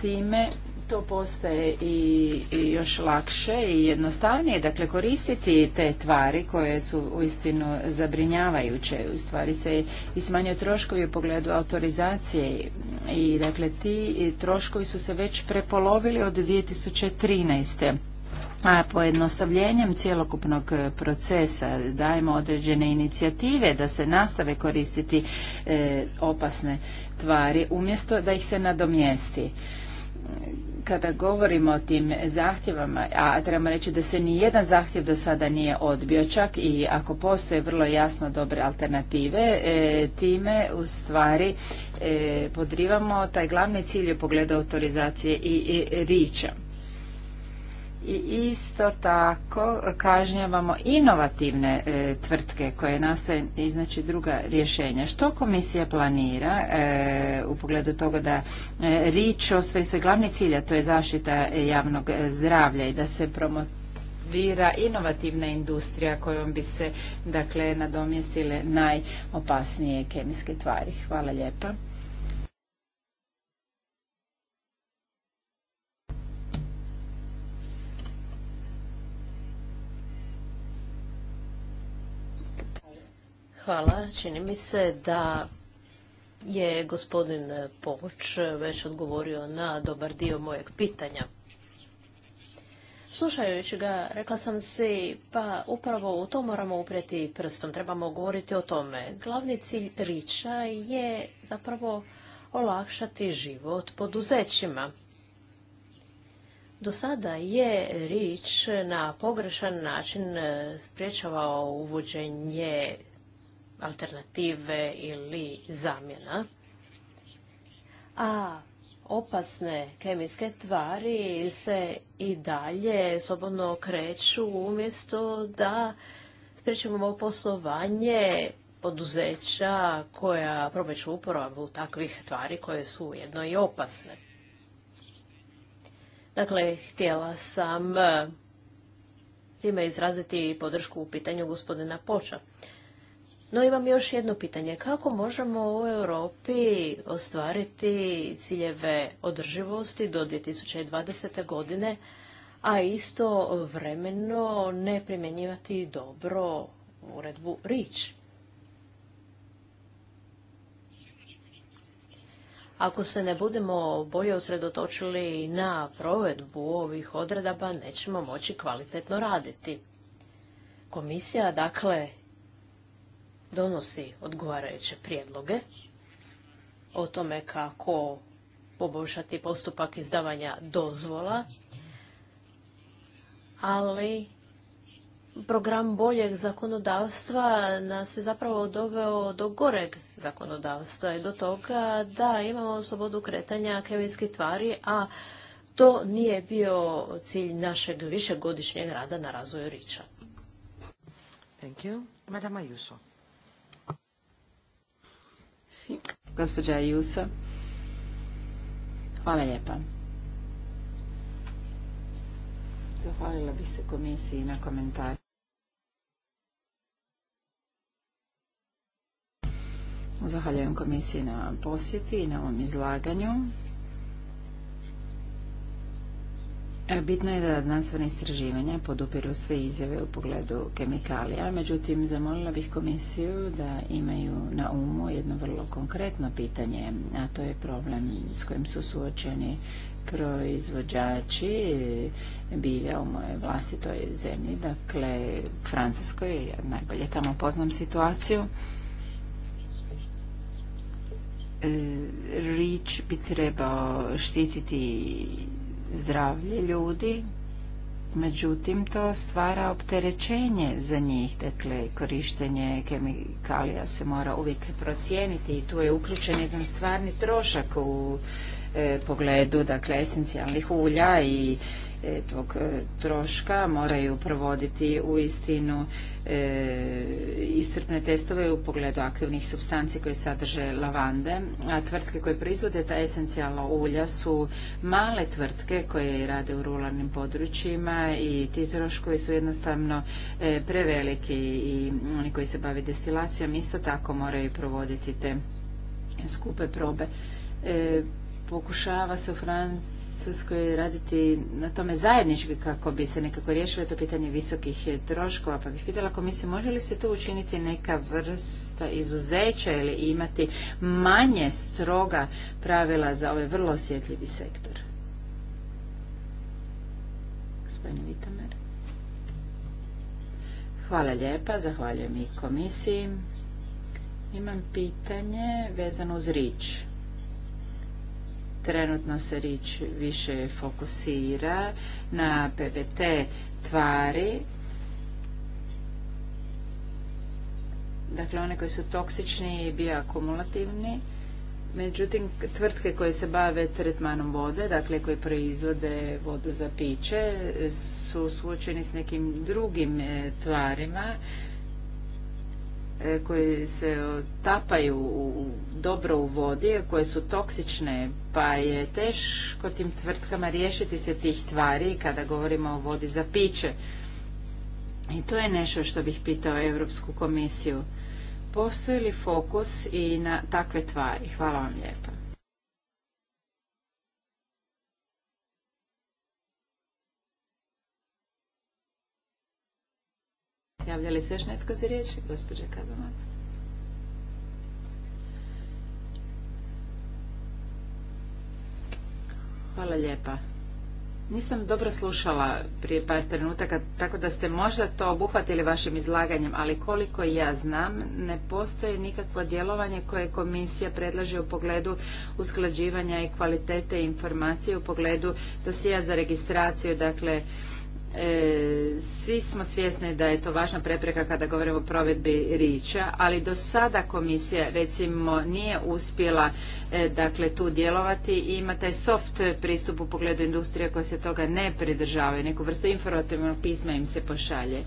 Speaker 1: Time to postaje i, još lakše i jednostavnije dakle koristiti te tvari koje su uistinu zabrinjavajuće u stvari se i smanjuju troškovi u pogledu autorizacije i dakle ti troškovi su se već prepolovili od 2013 a pojednostavljenjem cjelokupnog procesa dajemo određene inicijative da se nastave koristiti e, opasne tvari umjesto da ih se nadomjesti kada govorimo o tim zahtjevama, a trebamo reći da se ni jedan zahtjev do sada nije odbio čak i ako postoje vrlo jasno dobre alternative, e, time u stvari e, podrivamo taj glavni cilj u pogledu autorizacije i, i e, riča i isto tako kažnjavamo inovativne e, tvrtke koje nastoje iznaći druga rješenja. Što komisija planira e, u pogledu toga da e, rič ostvari svoj glavni cilj, a to je zaštita javnog zdravlja i da se promovira inovativna industrija kojom bi se dakle nadomjestile najopasnije kemijske tvari. Hvala lijepa.
Speaker 4: Hvala. Čini mi se da je gospodin Poč već odgovorio na dobar dio mojeg pitanja. Slušajući ga, rekla sam si, pa upravo u to moramo uprijeti prstom, trebamo govoriti o tome. Glavni cilj Riča je zapravo olakšati život poduzećima. Do sada je Rič na pogrešan način eh, spriječavao uvođenje alternative ili zamjena. A opasne kemijske tvari se i dalje slobodno kreću umjesto da spriječimo poslovanje poduzeća koja probeću uporabu takvih tvari koje su ujedno i opasne. Dakle, htjela sam time izraziti podršku u pitanju gospodina Poča. No imam još jedno pitanje. Kako možemo u Europi ostvariti ciljeve održivosti do 2020. godine, a isto vremeno ne primjenjivati dobro uredbu REACH? Ako se ne budemo bolje osredotočili na provedbu ovih odredaba, nećemo moći kvalitetno raditi. Komisija, dakle, donosi odgovarajuće prijedloge o tome kako poboljšati postupak izdavanja dozvola, ali program boljeg zakonodavstva nas je zapravo doveo do goreg zakonodavstva i do toga da imamo slobodu kretanja kemijskih tvari, a to nije bio cilj našeg višegodišnjeg rada na razvoju Riča.
Speaker 1: Thank you. Gospođa Jusa. Hvala lijepa. Zahvalila bi se komisiji na komentarju. Zahvaljujem komisiji na posjeti i na ovom izlaganju. E, bitno je da znanstvene istraživanja podupiru sve izjave u pogledu kemikalija, međutim zamolila bih komisiju da imaju na umu jedno vrlo konkretno pitanje, a to je problem s kojim su suočeni proizvođači bilja u mojoj vlastitoj zemlji, dakle Francuskoj, ja najbolje tamo poznam situaciju. E, Rič bi trebao štititi zdravlje ljudi, međutim to stvara opterećenje za njih, dakle korištenje kemikalija se mora uvijek procijeniti i tu je uključen jedan stvarni trošak u E, pogledu dakle esencijalnih ulja i e, tog e, troška moraju provoditi u istinu e, iscrpne testove u pogledu aktivnih substanci koje sadrže lavande, a tvrtke koje proizvode ta esencijalna ulja su male tvrtke koje rade u ruralnim područjima i ti troškovi su jednostavno preveliki i oni koji se bave destilacijom isto tako moraju provoditi te skupe probe pokušava se u Francuskoj raditi na tome zajednički kako bi se nekako riješilo to pitanje visokih troškova. Pa bih pitala komisiju može li se tu učiniti neka vrsta izuzeća ili imati manje stroga pravila za ovaj vrlo osjetljivi sektor? gospodine Vitamer. Hvala lijepa, zahvaljujem i komisiji. Imam pitanje vezano uz rič. Trenutno se rič više fokusira na PBT tvari, dakle one koji su toksični i bioakumulativni, međutim tvrtke koje se bave tretmanom vode, dakle koje proizvode vodu za piće, su suočeni s nekim drugim e, tvarima E, koje se tapaju u, dobro u vodi, koje su toksične, pa je teško tim tvrtkama riješiti se tih tvari kada govorimo o vodi za piće. I to je nešto što bih pitao Europsku komisiju. Postoji li fokus i na takve tvari? Hvala vam lijepa. Javlja li se još netko za riječ? Gospođa Hvala lijepa. Nisam dobro slušala prije par trenutaka, tako da ste možda to obuhvatili vašim izlaganjem, ali koliko ja znam, ne postoji nikakvo djelovanje koje komisija predlaže u pogledu usklađivanja i kvalitete informacije u pogledu dosija za registraciju, dakle E, svi smo svjesni da je to važna prepreka kada govorimo o provedbi riča, ali do sada komisija recimo nije uspjela e, dakle tu djelovati i ima taj soft pristup u pogledu industrije koja se toga ne pridržavaju, neku vrstu informativnog pisma im se pošalje.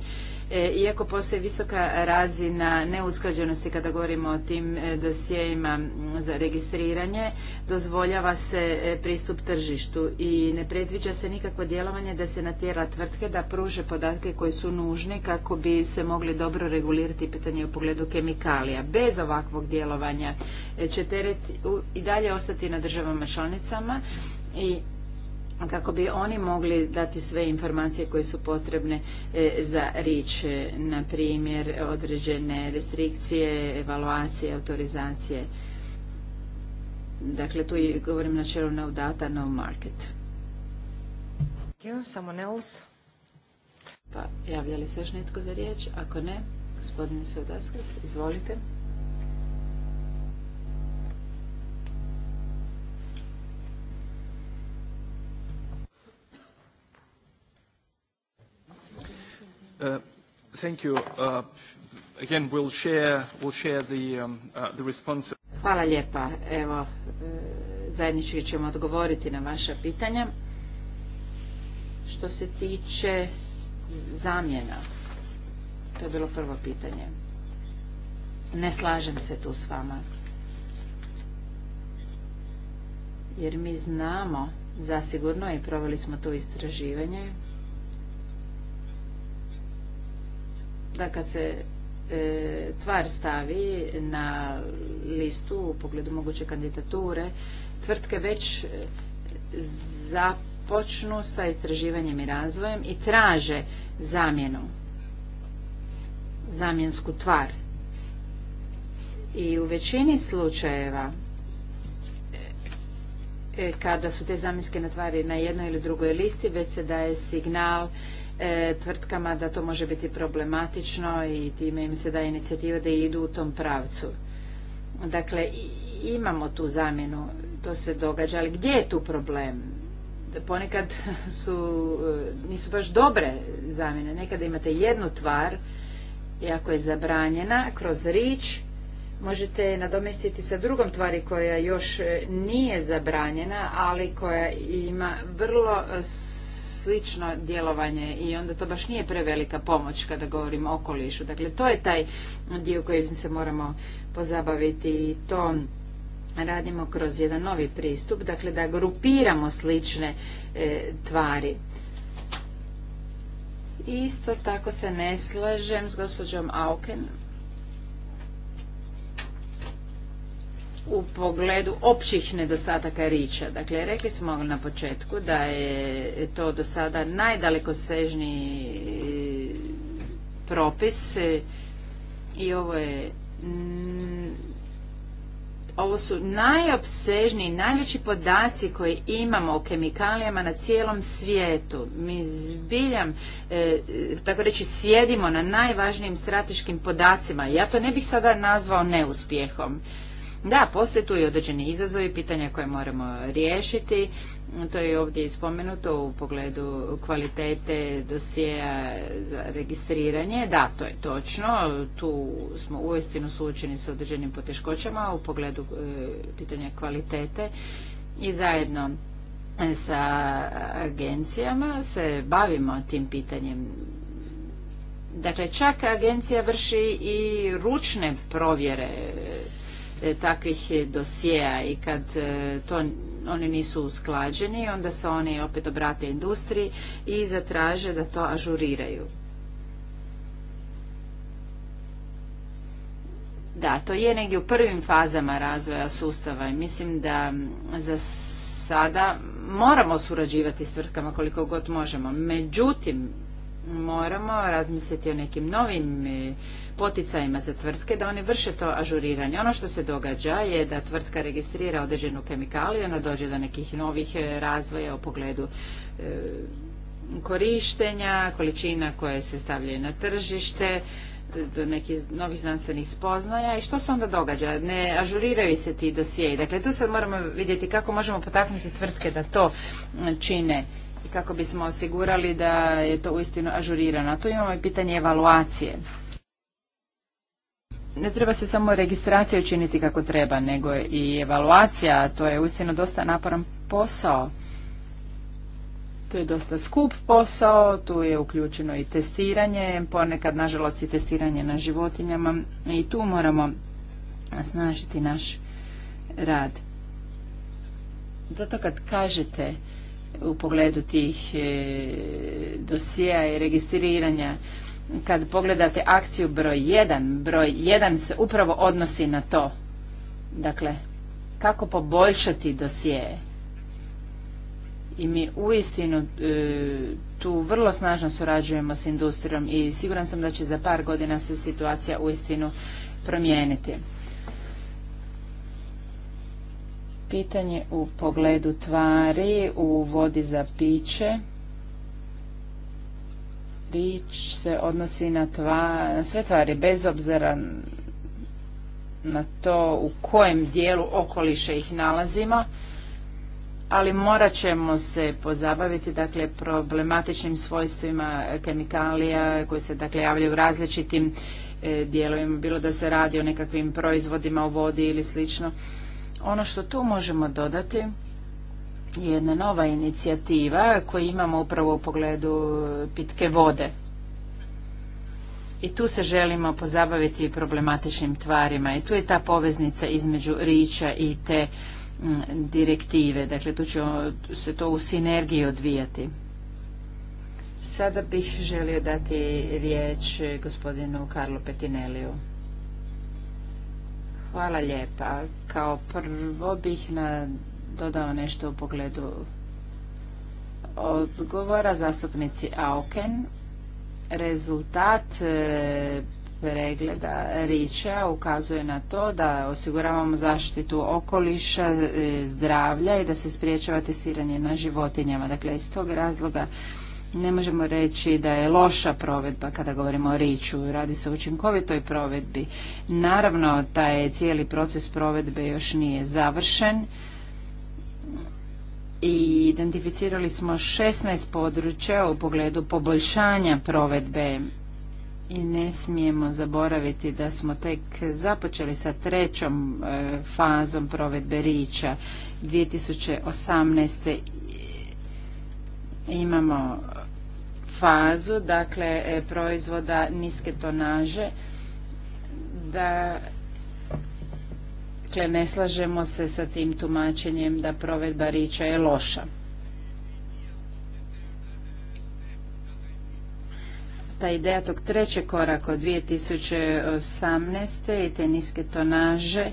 Speaker 1: E, iako postoji visoka razina neusklađenosti kada govorimo o tim e, dosjejima za registriranje, dozvoljava se e, pristup tržištu i ne predviđa se nikakvo djelovanje da se natjera tvrtke da pruže podatke koji su nužni kako bi se mogli dobro regulirati pitanje u pogledu kemikalija. Bez ovakvog djelovanja će teret i dalje ostati na državama članicama i kako bi oni mogli dati sve informacije koje su potrebne e, za rič, e, na primjer određene restrikcije, evaluacije, autorizacije. Dakle, tu govorim na čelu no data, no market. Someone Pa, javlja li se još netko za riječ? Ako ne, gospodin Sodaskov, izvolite.
Speaker 5: Hvala lijepa.
Speaker 1: Evo, uh, zajednički ćemo odgovoriti na vaša pitanja. Što se tiče zamjena, to je bilo prvo pitanje. Ne slažem se tu s vama. Jer mi znamo, zasigurno i proveli smo to istraživanje, da kad se e, tvar stavi na listu u pogledu moguće kandidature, tvrtke već e, započnu sa istraživanjem i razvojem i traže zamjenu, zamjensku tvar. I u većini slučajeva e, kada su te zamjenske natvari tvari na jednoj ili drugoj listi, već se daje signal E, tvrtkama da to može biti problematično i time im se daje inicijativa da idu u tom pravcu. Dakle, imamo tu zamjenu, to se događa, ali gdje je tu problem? Ponekad su, e, nisu baš dobre zamjene. Nekada imate jednu tvar, i je zabranjena, kroz rič možete nadomestiti sa drugom tvari koja još e, nije zabranjena, ali koja ima vrlo slično djelovanje i onda to baš nije prevelika pomoć kada govorimo o okolišu. Dakle, to je taj dio kojim se moramo pozabaviti i to radimo kroz jedan novi pristup, dakle da grupiramo slične e, tvari. Isto tako se ne slažem s gospođom Auken u pogledu općih nedostataka riča. Dakle, rekli smo na početku da je to do sada najdalekosežniji e, propis e, i ovo je mm, ovo su najopsežniji, najveći podaci koje imamo o kemikalijama na cijelom svijetu. Mi zbiljam, e, tako reći, sjedimo na najvažnijim strateškim podacima. Ja to ne bih sada nazvao neuspjehom. Da, postoje tu i određeni izazovi, pitanja koje moramo riješiti. To je ovdje i spomenuto u pogledu kvalitete dosijeja za registriranje. Da, to je točno. Tu smo uistinu suočeni s određenim poteškoćama u pogledu e, pitanja kvalitete i zajedno e, sa agencijama se bavimo tim pitanjem. Dakle, čak agencija vrši i ručne provjere E, takvih dosijeja i kad e, to oni nisu usklađeni, onda se oni opet obrate industriji i zatraže da to ažuriraju. Da, to je negdje u prvim fazama razvoja sustava i mislim da za sada moramo surađivati s tvrtkama koliko god možemo. Međutim, moramo razmisliti o nekim novim e, poticajima za tvrtke da oni vrše to ažuriranje. Ono što se događa je da tvrtka registrira određenu kemikaliju, ona dođe do nekih novih e, razvoja u pogledu e, korištenja, količina koje se stavljaju na tržište, do nekih novih znanstvenih spoznaja i što se onda događa? Ne ažuriraju se ti dosjei. Dakle, tu sad moramo vidjeti kako možemo potaknuti tvrtke da to čine i kako bismo osigurali da je to uistinu ažurirano. A tu imamo i pitanje evaluacije. Ne treba se samo registracija učiniti kako treba, nego i evaluacija, to je uistinu dosta naporan posao. To je dosta skup posao, tu je uključeno i testiranje, ponekad nažalost i testiranje na životinjama i tu moramo snažiti naš rad. Zato kad kažete u pogledu tih e, dosija i registriranja. Kad pogledate akciju broj 1, broj 1 se upravo odnosi na to. Dakle, kako poboljšati dosije. I mi uistinu e, tu vrlo snažno surađujemo s industrijom i siguran sam da će za par godina se situacija uistinu promijeniti pitanje u pogledu tvari u vodi za piće. Rič se odnosi na, tva, na sve tvari, bez obzira na to u kojem dijelu okoliša ih nalazimo, ali morat ćemo se pozabaviti dakle, problematičnim svojstvima kemikalija koje se dakle, javljaju u različitim e, dijelovima, bilo da se radi o nekakvim proizvodima u vodi ili slično. Ono što tu možemo dodati je jedna nova inicijativa koju imamo upravo u pogledu pitke vode. I tu se želimo pozabaviti problematičnim tvarima i tu je ta poveznica između rića i te mm, direktive. Dakle, tu će se to u sinergiji odvijati. Sada bih želio dati riječ gospodinu Karlu Petineliju. Hvala lijepa. Kao prvo bih na dodao nešto u pogledu odgovora zastupnici Auken. Rezultat e, pregleda riča ukazuje na to da osiguravamo zaštitu okoliša, e, zdravlja i da se spriječava testiranje na životinjama. Dakle, iz tog razloga ne možemo reći da je loša provedba kada govorimo o riču, radi se o učinkovitoj provedbi. Naravno, taj cijeli proces provedbe još nije završen i identificirali smo 16 područja u pogledu poboljšanja provedbe i ne smijemo zaboraviti da smo tek započeli sa trećom e, fazom provedbe riča 2018 imamo e, fazu, dakle, e, proizvoda niske tonaže, da Dakle, ne slažemo se sa tim tumačenjem da provedba riča je loša. Ta ideja tog trećeg koraka od 2018. i te niske tonaže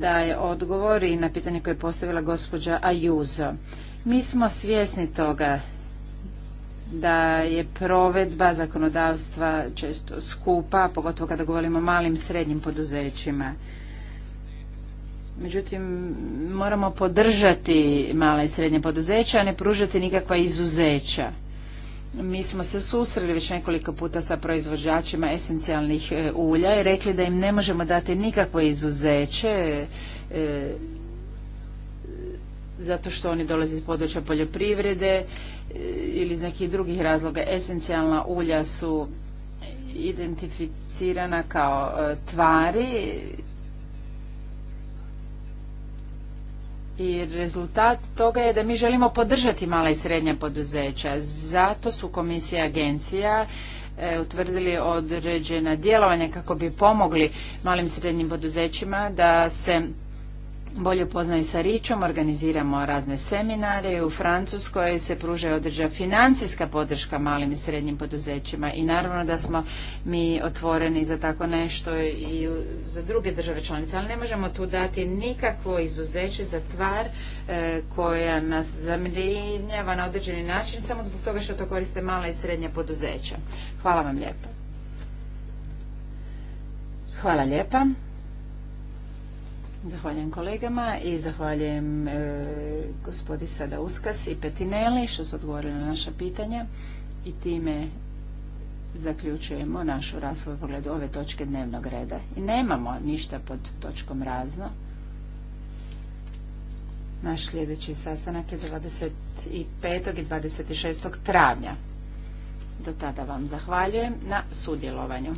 Speaker 1: daje odgovor i na pitanje koje je postavila gospođa Ajuzo. Mi smo svjesni toga da je provedba zakonodavstva često skupa, pogotovo kada govorimo o malim i srednjim poduzećima. Međutim, moramo podržati mala i srednja poduzeća, a ne pružati nikakva izuzeća. Mi smo se susreli već nekoliko puta sa proizvođačima esencijalnih e, ulja i rekli da im ne možemo dati nikakvo izuzeće e, zato što oni dolaze iz područja poljoprivrede e, ili iz nekih drugih razloga. Esencijalna ulja su identificirana kao e, tvari i rezultat toga je da mi želimo podržati mala i srednja poduzeća. Zato su komisija agencija e, utvrdili određena djelovanja kako bi pomogli malim i srednjim poduzećima da se bolje upoznaju sa Ričom, organiziramo razne seminare u Francuskoj se pruža i financijska podrška malim i srednjim poduzećima i naravno da smo mi otvoreni za tako nešto i za druge države članice, ali ne možemo tu dati nikakvo izuzeće za tvar e, koja nas zamrinjava na određeni način samo zbog toga što to koriste mala i srednja poduzeća. Hvala vam lijepa Hvala lijepa. Zahvaljujem kolegama i zahvaljujem e, gospodi Sada Uskas i Petineli što su odgovorili na naša pitanja i time zaključujemo našu raspravu u pogledu ove točke dnevnog reda. I nemamo ništa pod točkom razno. Naš sljedeći sastanak je 25. i 26. travnja. Do tada vam zahvaljujem na sudjelovanju.